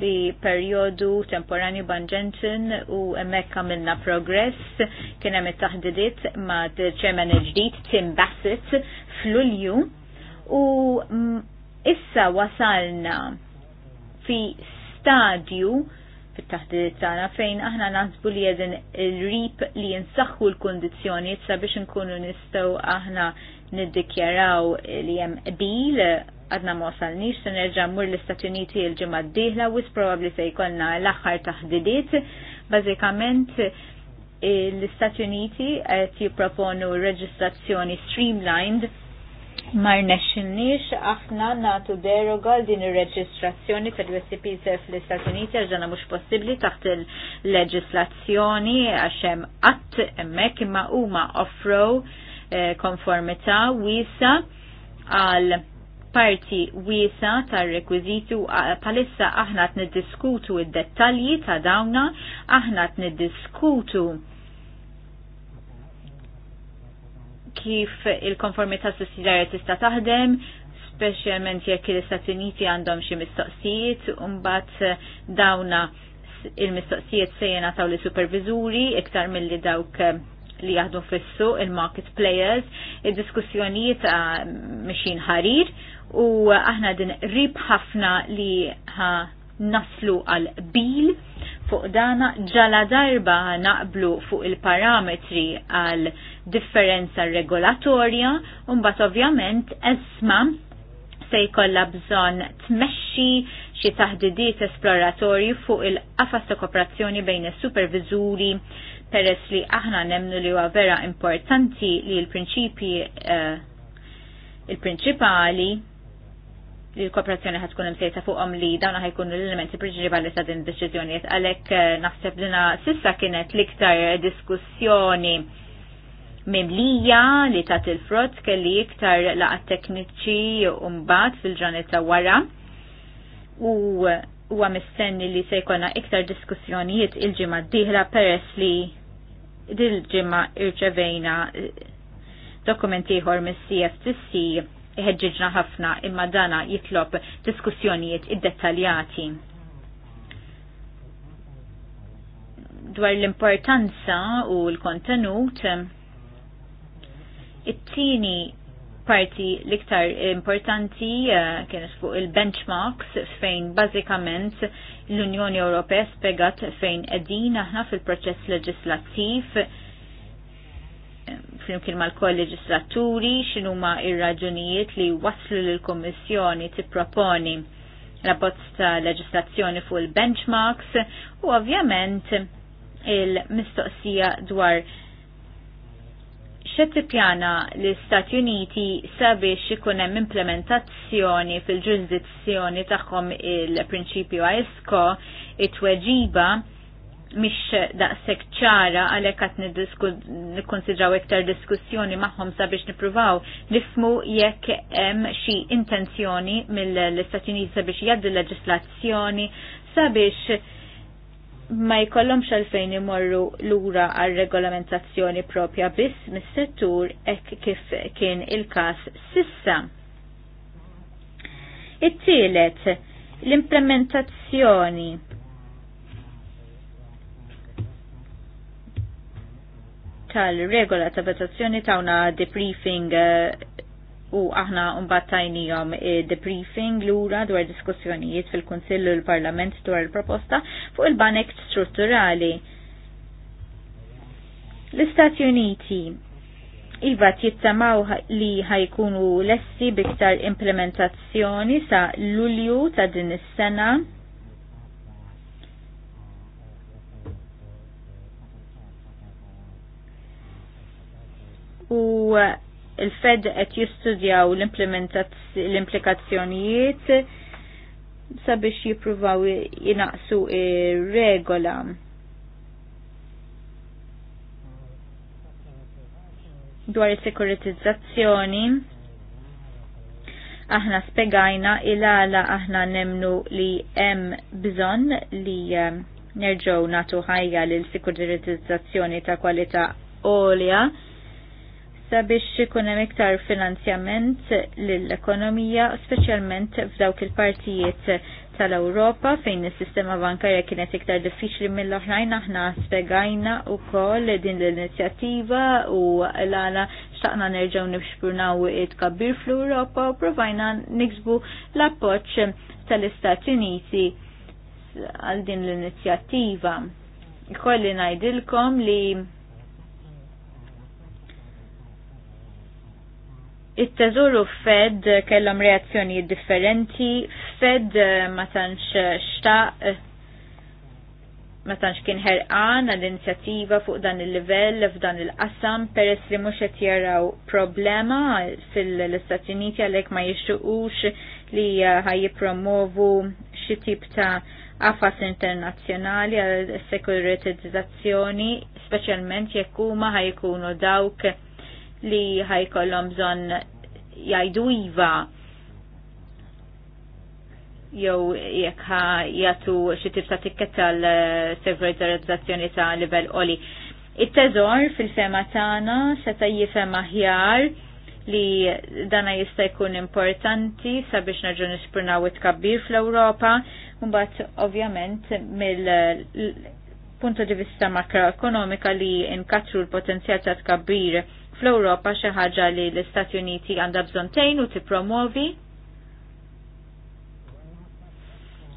li periodu temporani banġenċin u emmekka għamilna progress kien hemm it-taħdidiet ma' il ġdid Tim Bassett fl-Ulju u mm, issa wasalna fi stadju fit-taħdidiet tagħna fejn aħna naħsbu li qegħdin rip li jinsaħħu l-kundizzjonijiet sabiex inkunu nistgħu aħna niddikjaraw li jem bil għadna wasalnix se nerġa' mur l-Istati Uniti l-ġimgħa d-dieħla wis probabbli se jkollna l-aħħar taħdidiet. Bażikament l-Istati Uniti qed jipproponu reġistrazzjoni streamlined Mar nexxinniex aħna nagħtu deroga din ir-reġistrazzjoni tal-USCPs fl-Istati Uniti ġana mhux possibbli taħt il-leġislazzjoni għax hemm qatt hemmhekk imma huma offrow Eh, konformità wiesa għal parti wiesa tar-rekwiżiti eh, palissa aħna t niddiskutu id-dettalji ta' dawna, aħna t niddiskutu kif il-konformità sussidjarja tista' taħdem, speċjalment jekk l-Istati Uniti għandhom xi mistoqsijiet, imbagħad eh, dawna il-mistoqsijiet se taw li supervizuri iktar mill-li dawk li jaħdu fissu il-market players, il-diskussjonijiet uh, mixin ħarir u aħna din rib ħafna li ha naslu għal bil fuq dana ġala darba naqblu fuq il-parametri għal differenza regolatorja un bat ovvjament esma se jkollha bżonn tmexxi xi taħdidiet esploratorji fuq il-qafas ta' kooperazzjoni bejn is-superviżuri peress li aħna nemnu li huwa vera importanti li l-prinċipi eh, il-prinċipali li l-kooperazzjoni ħatkun imsejsa fuqhom li dawn ħajkunu l-elementi prinċipali ta' din id deċiżjonijiet għalhekk eh, naħseb dina sissa kienet l-iktar diskussjoni mimlija li tat il-frott kelli iktar laqa tekniċi u mbagħad fil-ġranet ta' wara u huwa mistenni li se jkollna iktar diskussjonijiet il-ġimgħa d-dieħla peress li dil-ġimma irċevejna eh, dokumenti ieħor mis-CFTC ħeġġiġna ħafna imma dana jitlob diskussjonijiet id-dettaljati. Dwar l-importanza u l-kontenut, it-tini parti liktar importanti eh, kienet fuq il-benchmarks fejn bażikament l-Unjoni Ewropea spiegat fejn qegħdin aħna fil-proċess leġislattiv eh, flimkien mal-kolleġislaturi x'inhuma ir-raġunijiet li waslu lill-Kummissjoni tipproponi rabbozz ta' leġislazzjoni fuq il-benchmarks u ovvjament il-mistoqsija dwar se tippjana l-Istati Uniti sabiex ikun hemm implementazzjoni fil-ġurisdizzjoni tagħhom il-prinċipju ISCO e it-tweġiba mish daqsek ċara għalek għat nikonsidraw iktar diskussjoni maħħom sabiex nipruvaw nifmu jekk hemm xi intenzjoni mill-Istati Uniti sabiex jgħaddu leġislazzjoni sabiex ma jkollhomx għalfejn imorru lura għal regolamentazzjoni propja biss mis-settur hekk kif kien il-każ sissa. It-tielet l-implementazzjoni tal-regola ta' votazzjoni una debriefing uh, u aħna mbagħad jom eh, debriefing lura dwar diskussjonijiet fil-Kunsill u l-Parlament dwar il-proposta fuq il-banek strutturali. L-Istati Uniti Iva jittamaw li ħajkunu lessi biktar implementazzjoni sa' lulju ta' din is-sena u il-Fed qed jistudjaw l-implikazzjonijiet sabiex jippruvaw jinaqsu regola. Dwar is-sekuritizzazzjoni aħna spiegajna il-għala aħna nemnu li hemm bżonn li eh, nerġgħu natu ħajja lil sekuritizzazzjoni ta' kwalità olja sabiex ikun hemm iktar finanzjament lill-ekonomija, speċjalment f'dawk il-partijiet tal-Ewropa fejn is-sistema bankarja kienet iktar diffiċli mill-oħrajn aħna spegajna wkoll din l-inizjattiva u l-għala xtaqna nerġgħu nixpurnaw it-kabbir fl-Ewropa u provajna niksbu l-appoġġ tal-Istati Uniti għal din l-inizjattiva. Ikolli ngħidilkom li it-teżuru Fed kellhom reazzjoni differenti, Fed eh, ma tantx eh, xtaq eh, ma tantx kien ħerqan għal inizjattiva fuq dan il-livell f'dan il-qasam peress li mhux qed jaraw problema fil-Istati Uniti għalhekk ma jixtuqux li ħajjipromovu xi tip ta' għafas internazzjonali għal sekuritizzazzjoni, speċjalment jekk huma ħajkunu dawk li ħajkollhom bżonn jgħidu iva jew jekk jagħtu xi tip ta' tikket tal-sekuritarizzazzjoni ta' livell qoli. It-teżor fil-fema tagħna seta' jifhem aħjar li dana jista' jkun importanti sabiex nerġgħu nispurnaw it-kabbir fl-Ewropa, mbagħad ovvjament mill punto di vista makroekonomika li nkatru l-potenzjal ta' tkabbir fl-Ewropa xi ħaġa li l-Istati Uniti għandha bżonn tgħin u tippromovi.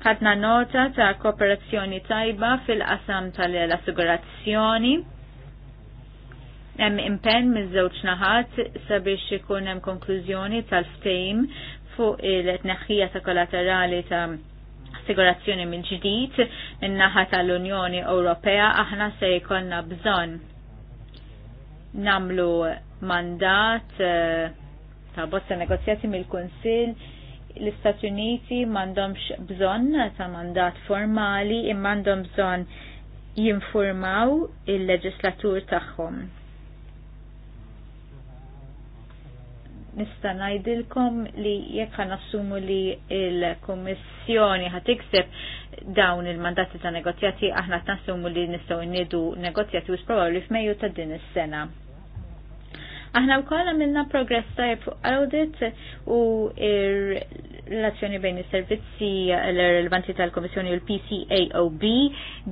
Ħadna nota ta' kooperazzjoni tajba fil-qasam tal-assigurazzjoni. Hemm impenn miż-żewġ naħat sabiex ikun hemm konklużjoni tal-ftehim fuq il-tneħħija ta' kollaterali ta' assigurazzjoni mill ġdid min-naħa tal-Unjoni Ewropea aħna se jkollna bżonn namlu mandat eh, ta' bozza negozjati mill-Kunsil l-Istati Uniti mandomx bżonn ta' mandat formali imandom bżonn jinformaw il-leġislatur tagħhom. Nista' ngħidilkom li jekk nassumu li il-Kummissjoni ħatikseb dawn il-mandati ta' negozjati aħna nassumu li nistgħu nniedu negozjati u probabbli f'Mejju ta' din is-sena. Aħna wkoll għamilna progress tajb fuq audit u relazzjoni bejn is-servizzi relevanti tal-Komissjoni u l-PCAOB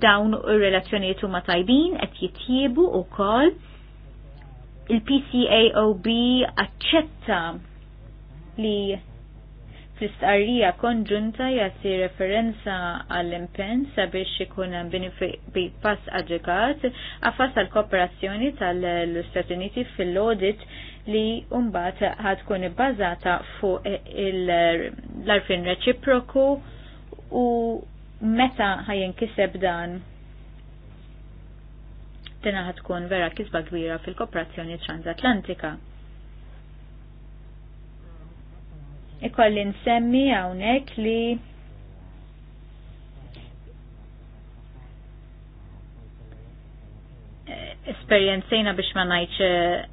dawn ir-relazzjonijiet huma tajbin qed jittiebu wkoll il-PCAOB aċċetta li Fl-istqarrija konġunta jagħti referenza għall-impenn sabiex ikun bi pass aġegat għafas tal-kooperazzjoni tal-Istati Uniti fil-audit li umbat ħatkun ibbażata fuq l-arfin reċiproku u meta ħajinkiseb dan tina ħadkun vera kisba kbira fil-kooperazzjoni transatlantika. ikolli nsemmi hawnhekk li esperienzejna biex ma najċ eh,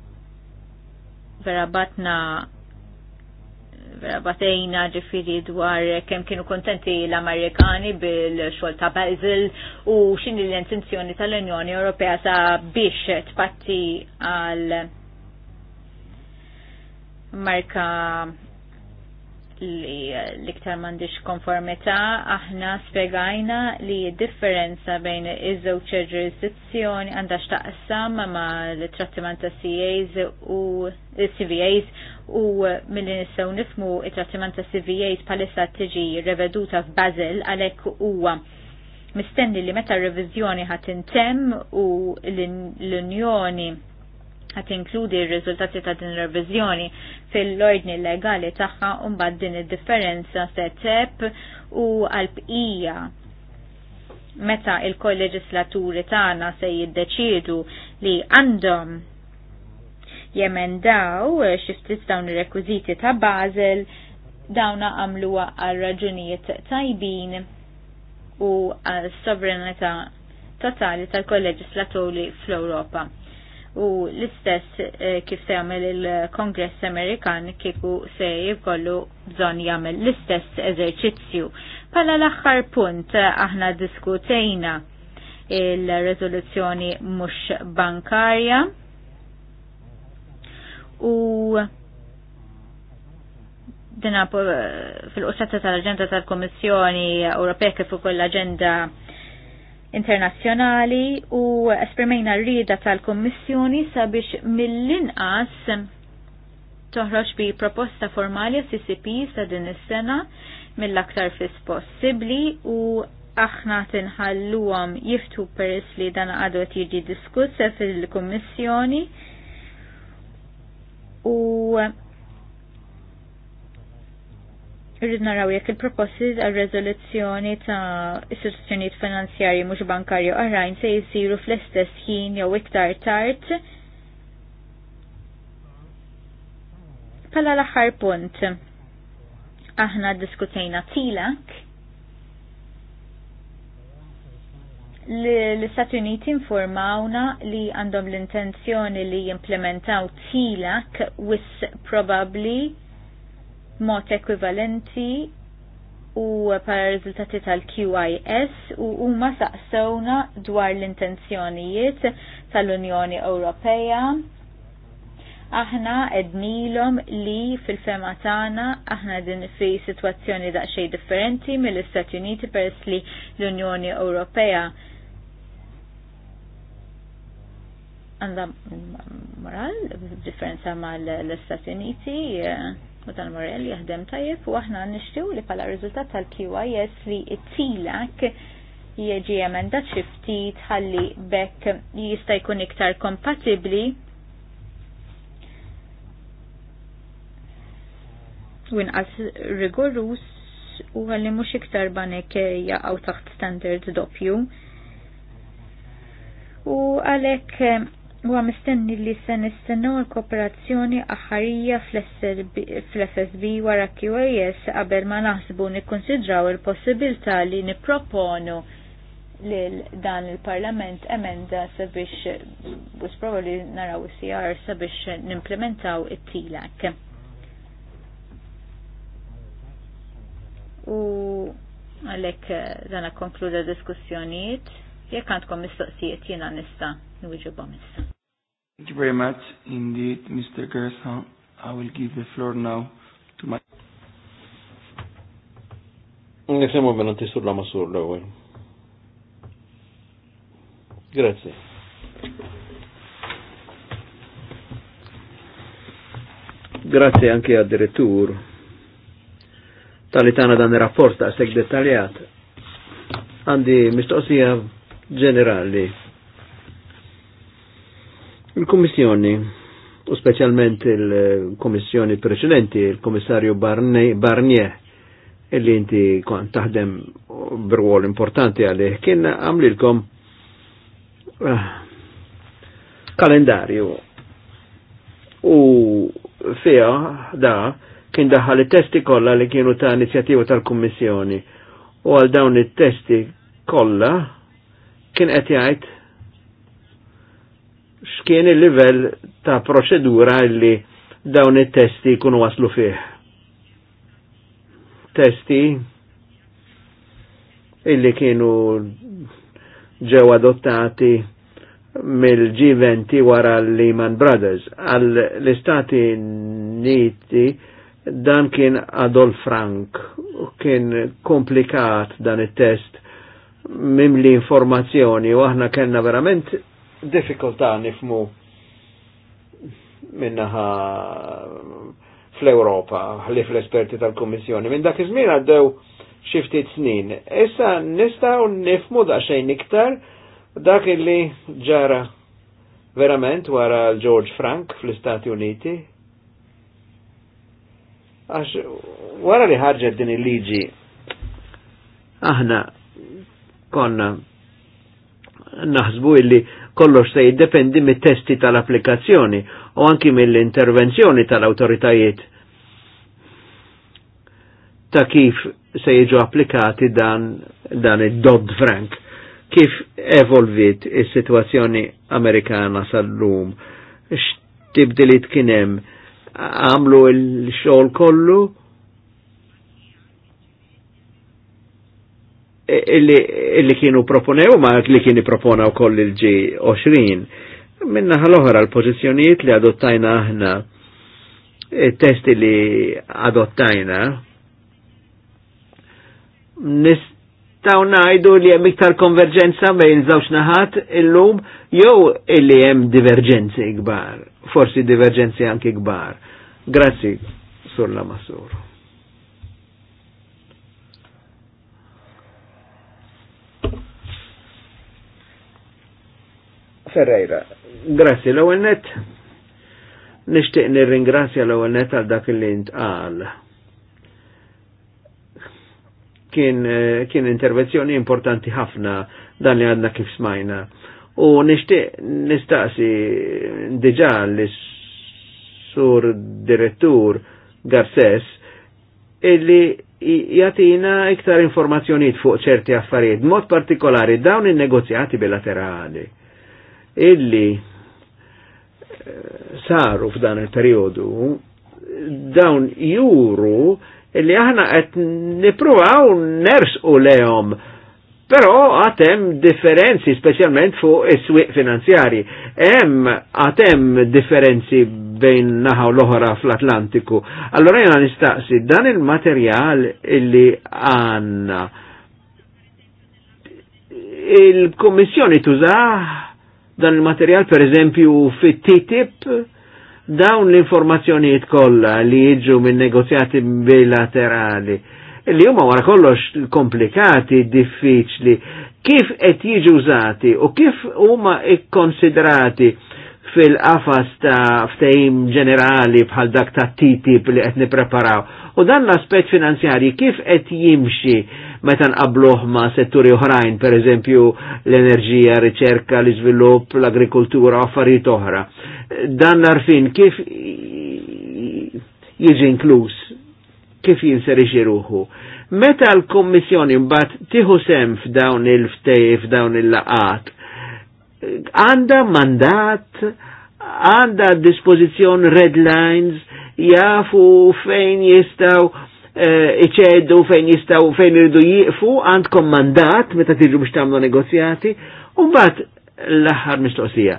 vera batna vera batejna ġifiri dwar kem kienu kontenti l-Amerikani bil-xol ta' Basel u xini l-intenzjoni tal-Unjoni Ewropea sa' biex tpatti għal marka li l-iktar mandiġ konformita, aħna spiegajna li differenza bejn iż-żewġ ġurisdizzjoni għandha x'taqsam ma l-trattiment ta' CAs u eh, CVAs u mill-li nistgħu nifmu it-trattiment ta' CVAs palissa tiġi reveduta f'Basil għalhekk huwa mistenni li meta r-reviżjoni ħatintemm u l-Unjoni għat inkludi r-riżultati ta' din revizjoni fil-ordni legali tagħha u mbagħad din id-differenza se tep u għalbqija meta il-kolleġislaturi tagħna se jiddeċiedu li għandhom jemendaw xiftit dawn ir-rekwiżiti ta' Basel dawna għamluwa għal raġunijiet tajbin u għal sovranità totali tal-kolleġislaturi fl-Ewropa u l-istess eh, kif se jagħmel il-Kongress Amerikan kieku se jkollu bżonn jagħmel l-istess eżerċizzju. Pala l-aħħar punt eh, aħna diskutejna il-rezoluzzjoni mhux bankarja u dina fil qusetta tal-agenda tal-Komissjoni Ewropea kif ukoll l-agenda internazzjonali u esprimejna rrida tal-Kommissjoni sabiex mill-inqas toħroġ bi proposta formali CCP sa din is-sena mill-aktar fis possibbli u aħna tinħalluhom jiftu peress li dan għadu qed jiġi diskuss fil-Kummissjoni u Irrid naraw jekk il-proposti għal rezoluzzjoni ta' istituzzjonijiet finanzjarji mhux bankarju oħrajn se jsiru fl-istess ħin jew iktar tard. Pala l-aħħar punt. Aħna diskutejna tilak l-Istati Uniti informawna li għandhom l-intenzjoni li jimplementaw tilak wis probabli mod ekvivalenti u para riżultati tal-QIS u huma saqsewna dwar l-intenzjonijiet tal-Unjoni Ewropea. Aħna ednilhom li fil-fema tagħna aħna din fi sitwazzjoni daqsxejn differenti mill-Istati Uniti peress li l-Unjoni Ewropea għandha moral differenza mal l-Istati Uniti. Yeah U tal morell jaħdem tajjeb u aħna nixtiew li pala riżultat tal-QIS li t-tilak jieġi emendat xi ftit ħalli bekk jista' jkun iktar kompatibbli u inqas rigorus u għalli mhux iktar banek jaqgħu taħt standard doppju. U għalhekk huwa mistenni li se nistennew l-kooperazzjoni aħħarija fl-FSB wara QAS qabel ma naħsbu nikkonsidraw il-possibilità li nipproponu lil dan il-Parlament emenda sabiex bus probabli naraw CR sabiex nimplementaw it-tilak. U għalek eh, dana konkluda diskussjonijiet Jekk għandkom mistoqsijiet jena nista' nwiġibhom issa. Thank you very much indeed, Mr. Gerson. I will give the floor now to my... Nisimu minna tisur la masur l-ewel. Grazie. Grazie anche a direttur tal-itana dan il-rapport ta' seg dettaljat. Andi mistoqsija ġenerali. Il-Kommissjoni, u specialment il-Kommissjoni preċedenti, il-Kommissarju Barnier, illi inti kon taħdem b'rwol importanti għalih, kien għamlilkom uh, kalendarju u fija da kien daħal testi kollha li kienu ta' inizjativa tal-Kummissjoni u għal dawn it-testi kollha kien qed jgħid x'kien il-livell ta' proċedura li dawn it-testi jkunu waslu fih. Testi illi kienu ġew adottati mill-G20 wara l-Lehman Brothers. Għall-Istati Uniti dan kien Adolf Frank, kien komplikat dan it-test mimli informazzjoni u aħna kellna verament diffikultà nifmu minnaħa fl-Europa, li fl-esperti tal komissjoni Minn dak iż-żmien għaddew xi ftit snin. Issa nistgħu nifmu daqsxejn iktar dak li ġara verament wara George Frank fl-Istati Uniti. Għax wara li ħarġet din il-liġi aħna konna naħsbu illi kollox se jiddependi mit-testi tal-applikazzjoni u anki mill-intervenzjoni tal-autoritajiet ta' kif se jiġu applikati dan, dan id-Dodd Frank, kif evolvit is-sitwazzjoni Amerikana sal-lum, x kien hemm għamlu l-xogħol kollu illi kienu proponew ma li kieni propona u koll il-G20. Minna ħal-oħra l-pozizjonijiet li adottajna aħna, e, testi li adottajna, nistaw najdu li hemm iktar konverġenza bejn żewġ naħat illum jew illi hemm diverġenzi kbar, forsi diverġenzi anki kbar. Grazzi, Sur la Ferreira. Grazie l-ewwel Nishtiq Nixtieq nirringrazzja l-ewwel net għal dak li intqal. Kien, eh, kien intervenzjoni importanti ħafna dan li għadna kif smajna. U nixtieq nistaqsi diġà li sur direttur Garces illi jatina iktar informazzjoniet fuq ċerti affarijiet, mod partikolari dawn in negozjati bilaterali illi eh, saru f'dan il-periodu dawn juru illi aħna qed ners u lehom Però għatem differenzi, specialment fuq is-swieq finanzjari. Hemm għatem differenzi bejn naħa u l-oħra fl-Atlantiku. Allora jena nistaqsi, dan il-materjal illi għanna il-Kommissjoni tużaħ dan il-materjal per eżempju fit-TTIP dawn l-informazzjonijiet kollha li jiġu minn negozjati bilaterali li huma wara kollox komplikati, diffiċli, kif qed jiġu użati u kif huma ikkonsidrati fil-qafas ta' ftehim ġenerali bħal dak ta' TTIP li qed nippreparaw. U dan l-aspett finanzjarji kif qed jimxi meta nqabluh ma' setturi oħrajn, per eżempju l-enerġija, riċerka, l-iżvilupp, l-agrikoltura, affarijiet oħra. Dan narfin kif jiġi inkluż, kif jinserixi ruħu. Meta l-Kommissjoni mbagħad tieħu sem f'dawn il-ftej f'dawn il-laqat, għanda mandat, għanda dispożizzjoni red lines, jafu fejn jistaw Eh, iċedu fejn jistaw fejn irridu jiqfu, għandkom mandat meta tiġu biex tagħmlu negozjati, u mbagħad l-aħħar mistoqsija.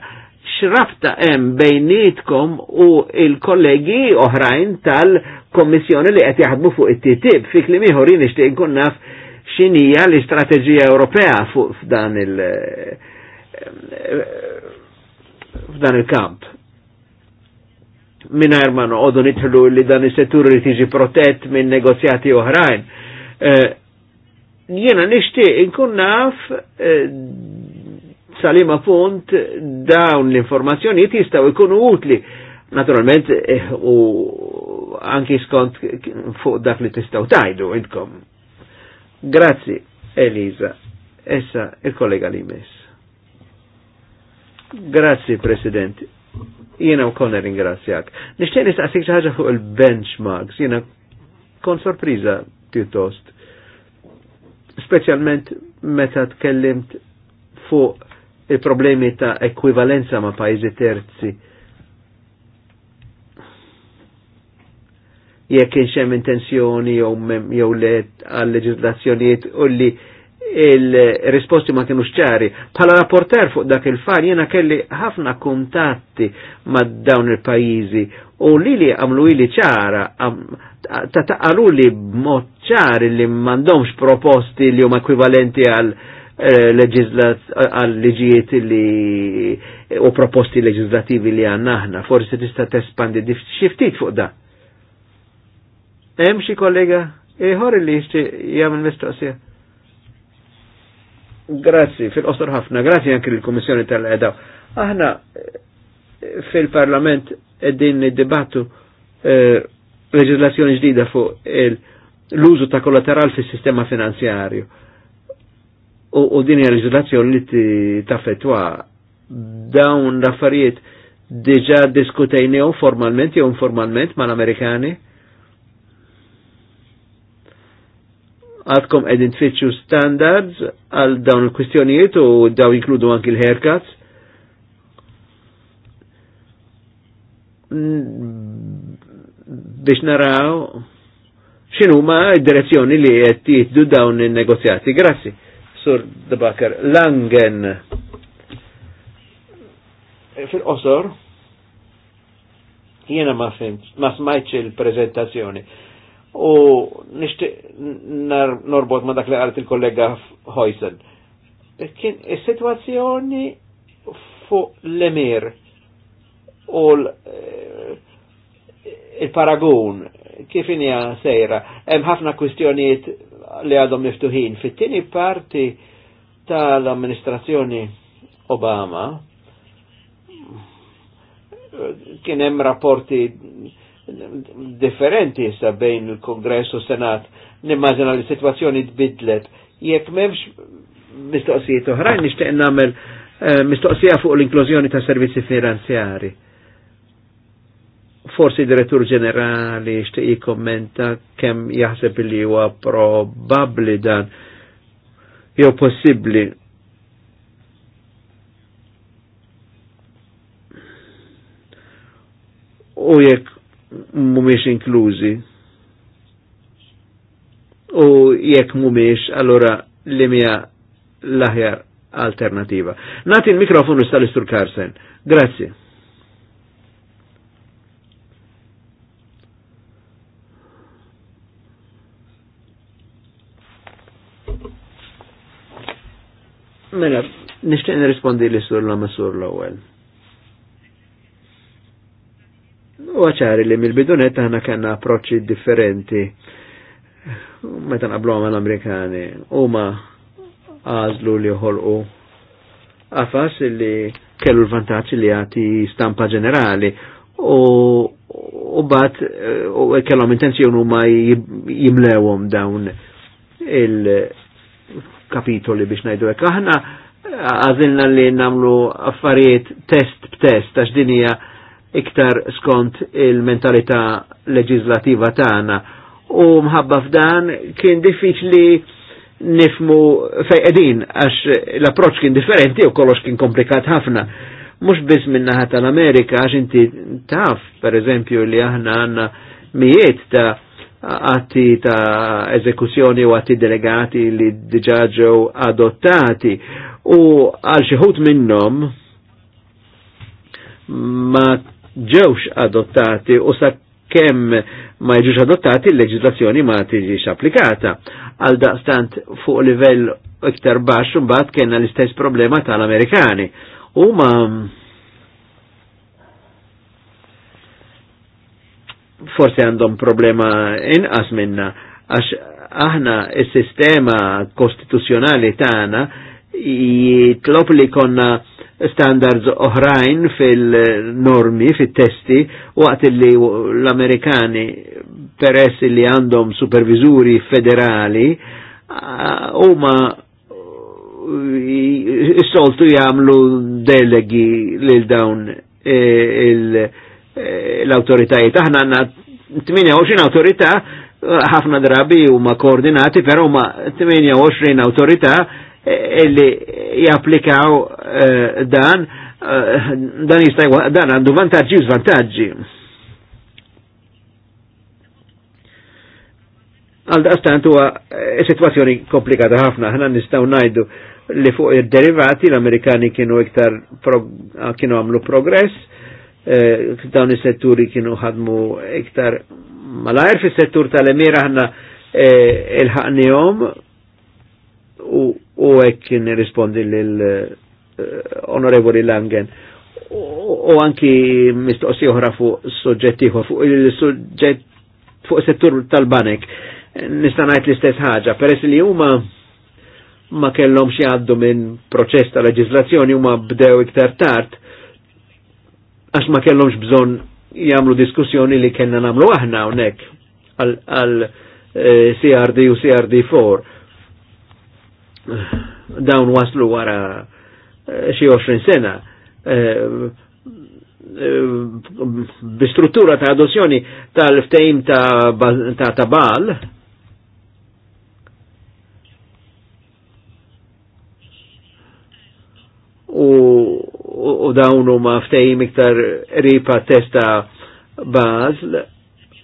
X'rabta hemm bejnietkom u il-kollegi oħrajn tal-Kommissjoni li qed jaħdmu fuq it-TTIP fi kliem ieħor jien nixtieq nkun naf x'inhija l-istrateġija Ewropea fuq f'dan il- eh, f'dan il-kamp minnajr ma noqodu nitħlu li dan is-settur li tiġi protett minn negozjati oħrajn. Eh, Jena nixtieq inkun naf eh, salima punt dawn l-informazzjonijiet jistgħu jkunu utli. Naturalment, eh, u anki skont fuq dak li tistaw tajdu intkom. Grazzi, Elisa. Essa, il-kollega li mess. Presidente Jiena konna ringrazzjak. Nishtiq nistaqsik xi ħaġa fuq il-benchmarks, jiena kon sorpriża pjuttost. Speċjalment meta tkellimt fuq il-problemi ta' ekwivalenza ma' pajjiżi terzi. jekk kienx hemm intenzjoni jew le għal leġislazzjonijiet u li il-risposti ma kienu ċari. Pala rapporter fuq dak il fan jena kelli ħafna kuntatti ma dawn il-pajizi u li li għamlu li ċara, ta' taqalu li b'mod ċari li mandomx proposti li huma ekvivalenti għal eh, għal liġijiet li u proposti leġizlativi li għanna għannaħna, forsi tista' tespandi xiftit fuq da. Hemm xi kollega ieħor li jixtieq jagħmel mistoqsija. Grazzi, fil-qosor ħafna, grazzi anki l-Komissjoni tal-Edaw. Aħna eh, fil-Parlament din dibattu eh, leġislazzjoni ġdida fuq l-użu ta' kollateral fis sistema finanzjarju. U, din hija leġislazzjoni li taffetwa dawn l-affarijiet diġà diskutejnew formalment jew informalment mal-Amerikani għadkom edin tfittxu standards għal dawn il-kwistjonijiet u daw jinkludu anki l-haircuts. biex naraw xinu ma id direzzjoni li jiddu dawn il-negozjati. Grazzi, Sur Debakar. Langen e, fil-qosor jena ma fimx, ma smajċ il-prezentazzjoni u nishtiq norbot ma dak li għalet il-kollega Hoysen. Kien is-sitwazzjoni fuq l-emir u l eh, paragun kif inja sejra. Hemm ħafna kwistjonijiet li għadhom miftuħin. Fit-tieni parti tal-amministrazzjoni Obama kien hemm rapporti differenti jissa bejn il-Kongress u Senat, nimmaġina li situazzjoni tbidlet. Jekk m'hemmx mistoqsijiet oħrajn nixtieq nagħmel eh, mistoqsija fuq l-inklużjoni ta' servizzi finanzjari. Forsi direttur ġenerali xtieq jikkommenta kemm jaħseb li huwa probabbli dan jew possibbli u jekk mumiex inklużi. U jekk mumiex, allora li mija l-aħjar alternativa. Nati l mikrofonu sta istur Karsen. Grazie. Mela, nishtiq nirrispondi l-istur la masur l-ewwel. U għacħari li mill-bidunet aħna kanna approċċi differenti. Meta naqblu għamal Amerikani, u ma għazlu li uħolqu għafas li kellu l vantaċi li għati stampa ġenerali u u bat u kellhom u ma jimlewhom dawn il-kapitoli biex ngħidu hekk. Aħna għażilna li namlu affarijiet test b'test għax din hija iktar skont il-mentalità leġislativa tagħna u mħabba f'dan kien diffiċli nifmu fejqedin għax l-approċ kien differenti u kollox kien komplikat ħafna. Mux biz naħa tal-Amerika għax inti taf, per eżempju, li aħna għanna mijiet ta' għatti ta' eżekuzjoni u għatti delegati li diġaġew adottati u għal xiħut minnom ma ġewx adottati u sa' kemm ma jġuġ adottati l-leġislazzjoni ma tiġix applikata. Għal daqstant fuq livell iktar baxx mbagħad kellna l-istess problema tal-Amerikani. Huma forse għandhom problema inqas minna għax aħna is-sistema kostituzzjonali tagħna jitlob li konna standards oħrajn fil-normi, fil-testi, waqt li l-Amerikani peress li għandhom supervizuri federali, uh, huma uh, s-soltu jgħamlu delegi lil dawn e, e, l-autoritajiet. Aħna għanna 28 autorità ħafna drabi u ma koordinati, pero ma 28 autorità illi japplikaw eh, dan, eh, dan jistaj, dan għandu vantaġġi u zvantaġġi. għal daqstant huwa eh, situazzjoni komplikata ħafna, ħna nistgħu ngħidu li fuq id-derivati l-Amerikani kienu iktar kienu għamlu progress, eh, dawn is-setturi kienu ħadmu iktar malajr fis-settur tal-emira ħna il-ħaqnihom u hekk nirrispondi l eh, onorevoli Langen u anki mistoqsi uħra fuq suġġetti fuq il-suġġett fuq settur tal-banek nista' ngħid l-istess ħaġa peress li huma ma xi jgħaddu minn proċess ta' leġislazzjoni huma bdew iktar tard għax ma kellhomx bżonn jagħmlu diskussjoni li kellna nagħmlu aħna hawnhekk għal eh, CRD u CRD4 dawn waslu wara eh, xi 20 sena eh, eh, bistruttura ta' adozzjoni tal ftejm ta' ta' tabal u, dawnu ma' ftejm iktar ripa testa bazl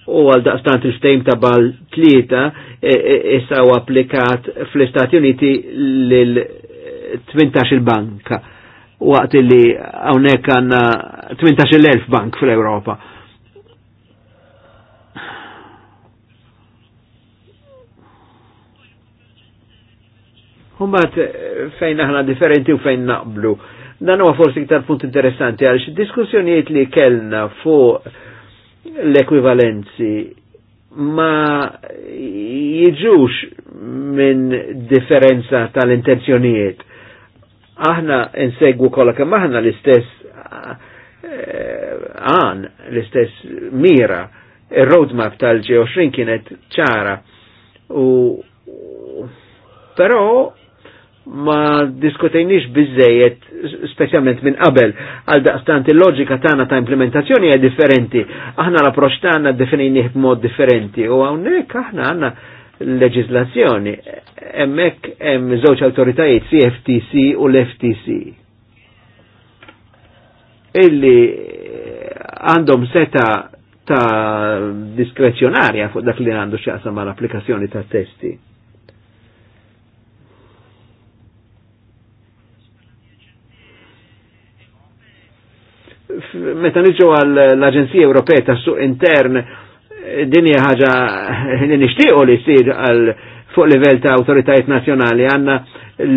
u għal daqstant il-ftejm ta' bal tlieta e, e, issa u applikat fl-Istati Uniti l-18 banka waqt li għonek għanna 18.000 bank fl-Europa. Humbat fejn aħna differenti u fejn naqblu. Dan huwa forsi iktar punt interessanti għal diskussjonijiet li kellna fuq l-ekwivalenzi ma jiġux minn differenza tal-intenzjonijiet. Aħna insegwu kolla kemm aħna l-istess eh, għan, l-istess mira, il-roadmap g kienet ċara. U però ma diskutejnix bizzejiet, specialment minn qabel, għal daqstant il-loġika tagħna ta' implementazzjoni hija differenti. Aħna l-approċċ tagħna definejnih b'mod differenti u hawnhekk aħna għandna leġizlazzjoni Hemmhekk hemm żewġ awtoritajiet CFTC u l-FTC. Illi għandhom seta ta' diskrezjonarja fuq dak li għandu xaqsam mal applikazzjoni ta' testi. meta niġu għall-Aġenzija Ewropea ta' suq intern din hija ħaġa li nixtiequ li jsir għal fuq livell ta' awtoritajiet nazzjonali għandna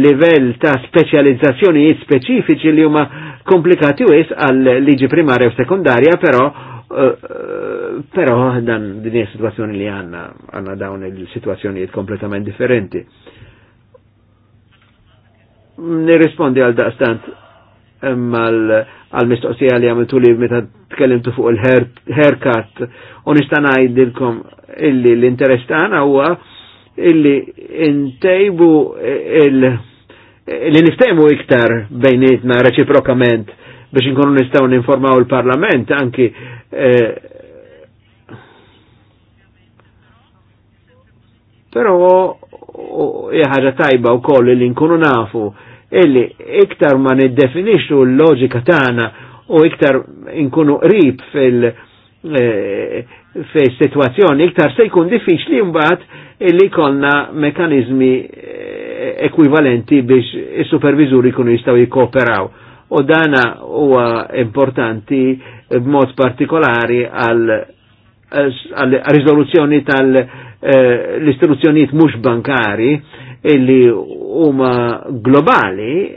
livell ta' speċjalizzazzjonijiet speċifiċi li huma komplikati wis għal liġi primarja u sekundarja, però eh, eh, però dan din hija situazzjoni li għandna għandna dawn il-sitwazzjonijiet kompletament differenti. Nirrispondi għal daqstant mal għal-mistoqsija li għamiltu li meta tkellimtu fuq il-haircut. U nista' ngħidilkom illi l-interess tagħna huwa illi intejbu il- li niftejmu iktar bejnietna reċiprokament biex nkunu nistgħu ninformaw il-Parlament anki eh, però hija ħaġa tajba wkoll li nkunu nafu illi iktar ma niddefinixxu l-loġika tagħna u iktar inkunu qrib fil- eh, fej situazzjoni iktar se jkun diffiċli mbagħad illi konna mekanizmi eh, ekwivalenti biex is-supervizuri jkunu jistgħu jikkooperaw. U dana huwa importanti b'mod partikolari għal għal riżoluzzjoni tal-istituzzjonijiet eh, mhux bankari illi huma globali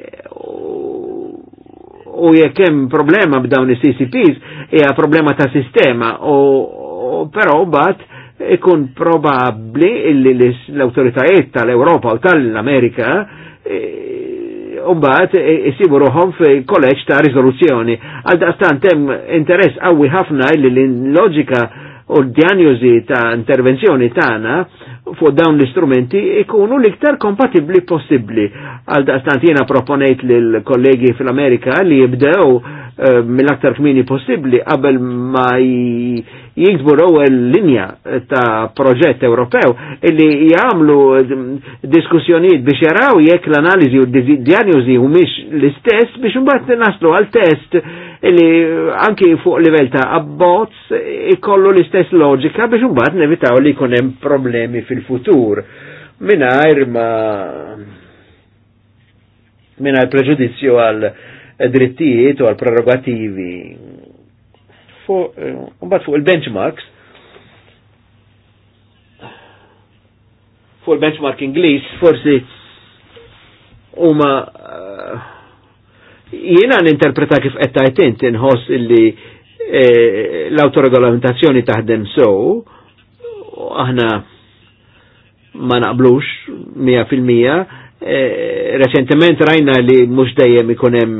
u jekk hemm problema b'dawn is-CCPs hija problema ta' sistema u però bat ikun probabbli illi l-awtoritajiet tal-Ewropa u tal-Amerika umbat e, jisibu e, ruħom fil-kolleġ ta' rizoluzzjoni. Għal daqstan tem interess għawi ħafna illi l logika u d-diagnosi ta' intervenzjoni tagħna fuq dawn l-istrumenti ikunu l-iktar kompatibli possibli. Għal daqstant proponejt l-kollegi fil-Amerika li jibdew Eh, mill-aktar kmini possibli qabel ma jiksbu l-ewwel linja ta' proġett Ewropew illi jagħmlu mm, diskussjonijiet biex jaraw jekk l-analiżi u d u humiex l-istess biex imbagħad naslu għal test illi anki fuq livell ta' abbozz ikollu l-istess loġika biex imbagħad nevitaw li jkun hemm problemi fil-futur Minajr ma mingħajr preġudizzju għal drittijiet u għal prerogativi. Eh, mbagħad fuq il-benchmarks, fuq il-benchmark Ingliż forsi huma eh, jiena ninterpreta kif qed tajt inti inħoss illi eh, l-autoregolamentazzjoni taħdem sow, aħna ma naqblux 100% E, reċentement rajna li mux dejjem ikunem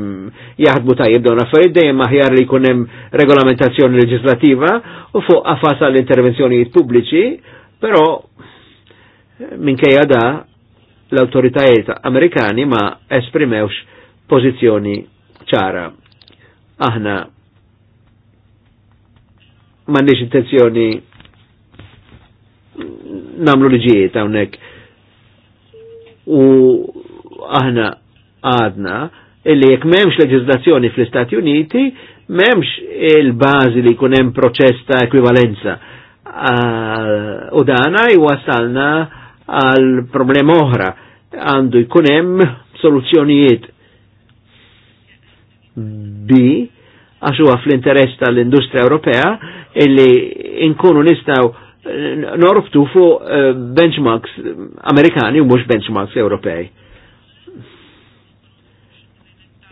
jaħdmu tajib dawn affarijiet dejjem aħjar li ikunem regolamentazzjoni leġislativa u fuq affas għall intervenzjonijiet pubbliċi, però eh, minkejja da l-autoritajiet Amerikani ma esprimewx pożizzjoni ċara. Aħna m'għandniex intenzjoni namlu liġijiet hawnhekk u aħna għadna illi jekk memx legislazzjoni fl-Istati Uniti, memx il-bazi li kunem proċess ta' ekvivalenza. Ah, u dana jwasalna għal problema oħra, għandu jkunem soluzzjonijiet B, għax fl-interess tal industria Ewropea illi nkunu nistaw norftu fuq eh, benchmarks Amerikani u mhux benchmarks Ewropej.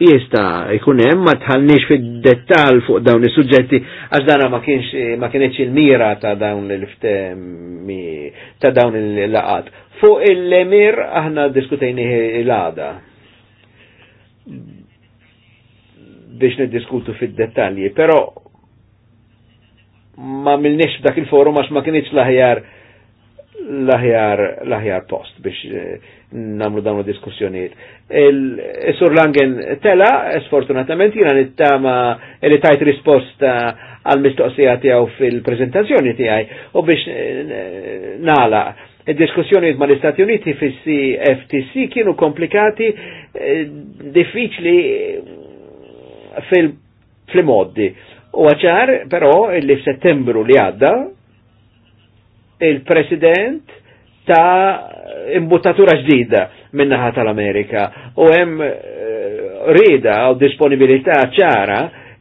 Jista jkun hemm ma tħallniex fid-dettall fuq dawn is-suġġetti għax dana ma kienx ma kienx il-mira ta' dawn il-ftemi ta' dawn il-laqat. Fuq il-lemir aħna diskutejni l-għada biex niddiskutu fid-dettalji, però ma milniex dak il-forum għax ma kienieċ laħjar laħjar laħjar post biex eh, namlu dawn diskussjonijiet. Il-Sur eh, Langen tela, sfortunatament, jina nittama eh, li tajt risposta għal-mistoqsija tijaw fil-prezentazzjoni tijaj u biex nala. Il-diskussjonijiet ma l-Istati Uniti fis cftc kienu komplikati, diffiċli fil-moddi. U għacħar, però, illi Settembru li għadda, il-president ta' imbuttatura ġdida minnaħa tal-Amerika u hemm eh, rida u disponibilità ċara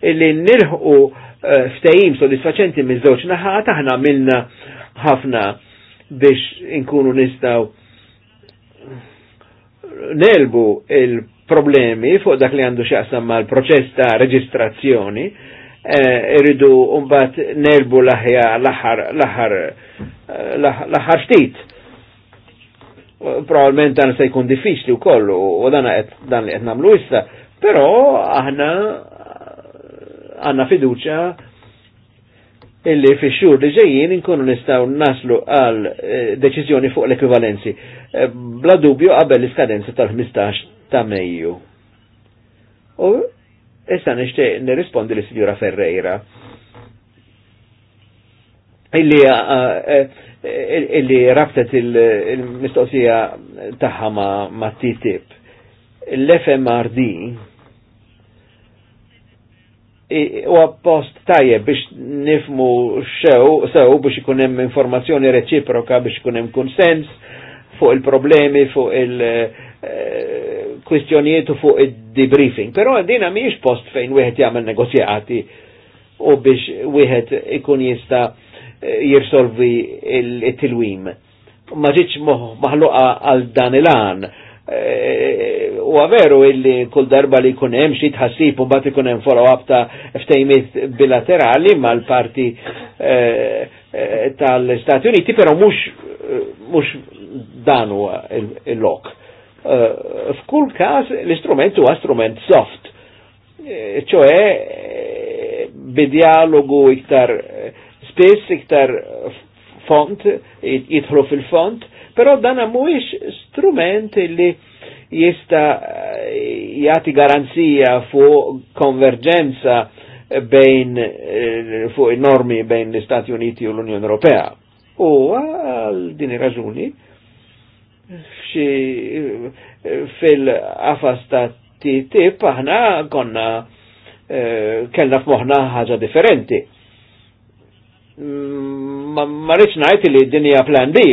illi nilħu eh, ftejim soddisfaċenti minn żewġ naħat aħna minna ħafna biex inkunu nistaw nelbu il-problemi fuq dak li għandu xaqsam mal proċess ta' reġistrazzjoni Eh, irridu umbat nerbu laħja laħar laħar eh, laħar ftit. Probabilment dan se jkun diffiċli wkoll u dan dan li qed nagħmlu issa, pero aħna eh, għandna fiduċa illi fi xhur li ġejjin inkunu nistgħu naslu għal deċiżjoni fuq l-ekvivalenzi. Bla dubju qabel l-iskadenza tal-15 ta' Mejju. Issa nixtieq nirrispondi lis sinjura Ferreira. Illi uh, uh, illi rabtet il-mistoqsija tagħha ma' TTIP. L-FMRD huwa post tajjeb biex nifmu xew sew biex ikun hemm informazzjoni reċiproka biex ikun hemm konsens fuq il-problemi, fuq il- eh, kwistjonijiet fuq id-debriefing. Però għaddina miex post fejn wieħed jagħmel negozjati u biex wieħed ikun jista jirsolvi il-tilwim. Ma ġiċ maħluqa għal dan il-għan. E, u għaveru illi kull darba li kun hemm xi tħassib u mbagħad ikun hemm follow-up ta' ftejmiet bilaterali mal-parti e, e, tal-Stati Uniti, però mhux mhux dan huwa il-lok. Uh, F'kull każ l-istrument huwa strument soft, eh, ċoe e, eh, bidjalogu iktar spess, iktar font, jidħlu fil-font, però dan mhuwiex strument li jista jagħti garanzija fuq konverġenza bejn fuq normi bejn l-Istati Uniti u l-Unjoni Europea. U għal din ir-raġuni Xi eh, fil-qafas ta' TTIP aħna konna eh, kellna f'moħna ħaġa differenti. Mm, ma rridx ngħid li d-dinja plan B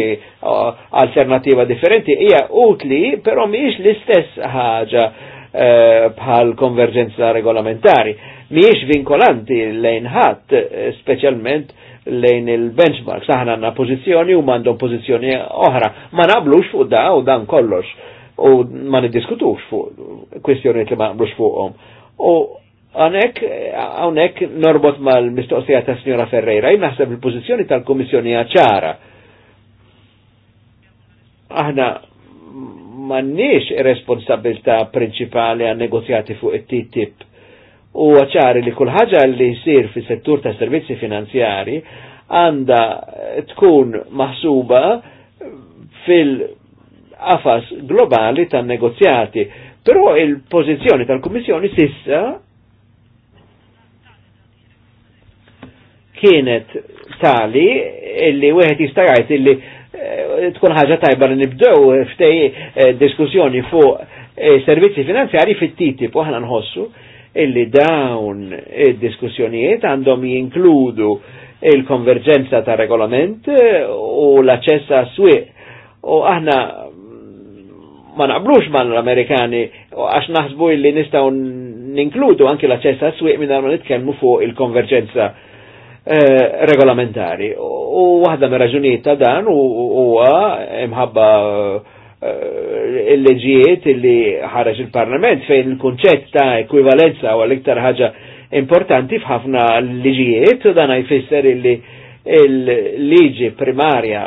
alternativa differenti hija utli, però mhijiex l-istess ħaġa eh, bħal konverġenza regolamentari. Miex vinkolanti lejn ħadd, specialment lejn il-benchmarks. Aħna għandna pożizzjoni u m'għandhom pożizzjoni oħra. Ma nablux fuq da u dan kollox u ma nidiskutux fuq kwestjoni li ma naqblux fuqhom. U għanek, għanek norbot mal-mistoqsija ta' signora Ferreira, naħseb il-pozizjoni tal-Komissjoni ċara. Aħna ma mannix responsabilta principali għan negozjati fuq it-TTIP U ċari li kull ħaġa li jsir fis settur ta' servizzi finanzjari għanda tkun maħsuba fil-qafas globali tan negozjati. Però il-pożizzjoni tal-Kummissjoni sissa kienet tali illi wieħed jista' illi eh, tkun ħaġa tajba li nibdew ftej eh, diskussjoni fuq eh, servizzi finanzjari fit-titip u nħossu illi dawn id-diskussjonijiet għandhom jinkludu il-konverġenza ta' regolament eh, u l-aċċess għas swieq u aħna mm, ma naqblux ma l-Amerikani għax naħsbu illi nistaw ninkludu anki l-aċċess għas swieq minn ma nitkellmu fuq il-konverġenza eh, regolamentari. U waħda me raġunijiet ta' dan u imħabba uh, Eh, il-leġijiet illi ħareġ il-Parlament fejn il-konċett ta' ekwivalenza u għal-iktar ħaġa importanti f'ħafna l liġijiet u dan jfisser illi il-liġi primarja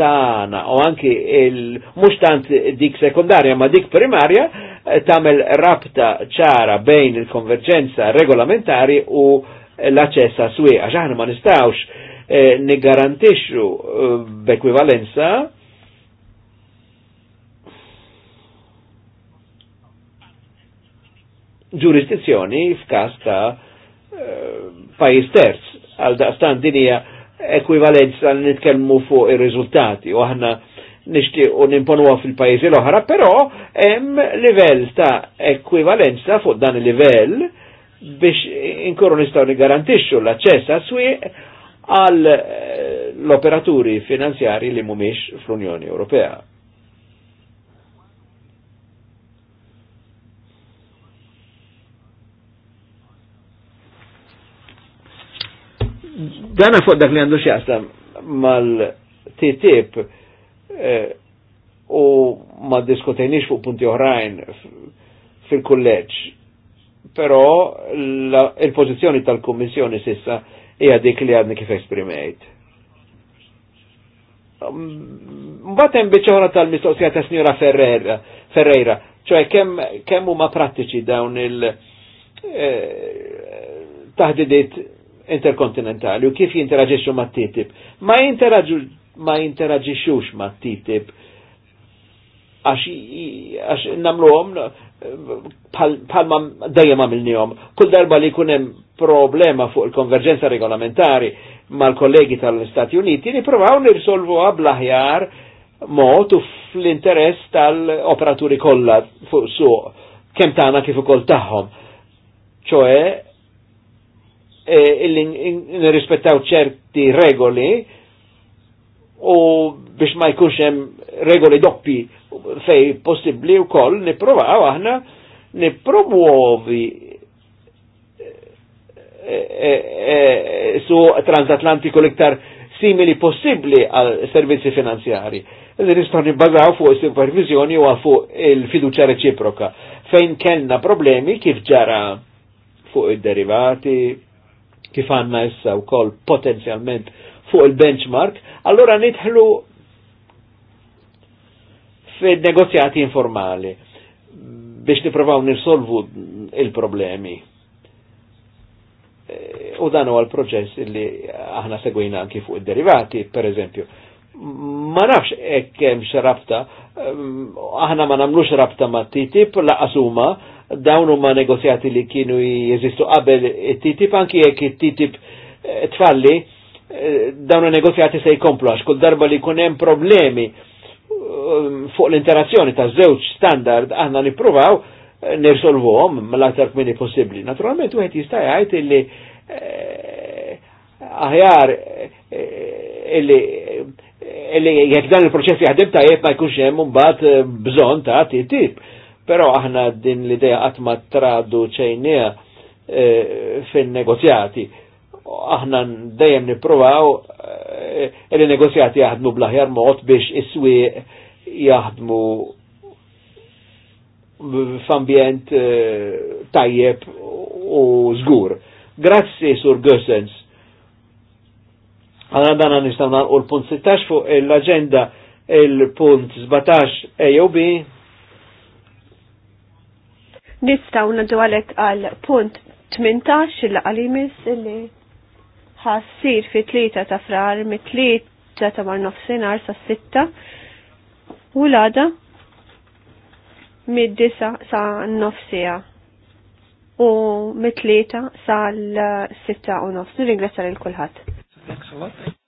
tana u anki il-mux tant dik sekundarja ma dik primarja eh, tamel rabta ċara bejn il-konverġenza regolamentari u l-aċessa swieqa għaxħan ma nistawx eh, nigarantixxu eh, b'ekwivalenza ġurisdizzjoni f'każ ta' eh, pajis terz. Għal daqstan dinija ekwivalenza li nitkellmu fuq ir-riżultati u aħna nixtieq u nimponuha fil-pajjiżi l-oħra, però hemm livell ta' ekwivalenza fuq dan il-livell biex inkunu nistgħu nigarantixxu l-aċċess għas-swieq għal eh, l-operaturi finanzjari li mhumiex fl-Unjoni Ewropea. Dana fuq dak li għandu xjaqsam mal-TTIP eh, u ma diskutejniex fuq punti oħrajn fil-kulleġġ. Però il-pożizzjoni tal-Kummissjoni sissa hija dik li għadni kif esprimejt. Mbagħad hemm biċċa tal-mistoqsija ta' Sinjora Ferreira, ċoe kemm kemm huma prattiċi dawn il eh, taħdidiet interkontinentali u kif jinteraġixxu ma' TTIP. Ma, ma jinteraġixxux ma' TTIP għax nagħmluhom palma dejjem għamilniehom. Kull darba li kunem problema fuq il-konverġenza regolamentari mal-kollegi tal-Stati Uniti, niprovaw nirsolvu blaħjar mod u fl-interess tal-operaturi kollha fuq suq kemm tagħna kif ukoll tagħhom. ċoe Eh, illi nirrispettaw ċerti regoli u biex ma jkunx hemm regoli doppi fej possibbli wkoll nipprovaw aħna nippromuovi eh, eh, su transatlantiku l-iktar simili possibbli għal servizzi finanzjari. Li nistgħu nibbażaw fuq supervizjoni u fuq il-fiduċa reċiproka. Fejn kellna problemi kif ġara fuq id-derivati, kif għanna issa u kol potenzjalment fuq il-benchmark, allora nitħlu fid negozjati informali biex niprofaw nirsolvu il-problemi. E, u dan huwa l-proċess li aħna segwina anki fuq il derivati per eżempju ma nafx ekkem xrabta, aħna ma namlux rabta ma TTIP, laqasuma, dawnu ma negozjati li kienu jeżistu qabel TTIP, anki jekk TTIP eh, tfalli, eh, dawnu negozjati se jkomplu, għax kull darba li kunem problemi um, fuq l-interazzjoni ta' żewġ standard, aħna nirsolvu eh, nirsolvuhom mal aktar kmini possibbli. Naturalment, wieħed jista' jgħid li aħjar illi li jekk dan il-proċess jaħdem tajjeb ma jkunx hemm mbagħad eh, bżonn ta' tip. Però aħna din l-idea qatt ma tradu ċejnija eh, fin-negozjati. Aħna dejjem nippruvaw eh, li negozjati jaħdmu bl-aħjar mod biex iswi jaħdmu f'ambjent tajjeb u żgur. Grazzi Sur Gossens Għana dana nistaw narqu l-punt 16 fuq l-agenda il-punt 17 AOB. Nistaw nadu għalet għal punt 18 il-għalimis li ħassir fi 3 ta' frar mit 3 ta' mar nofsinar sa' 6 u l-għada mid-disa sa' nofsija u mit-tlieta sal 6 u nofs. Nirringrazzar il-kulħadd. Thanks a lot. Thank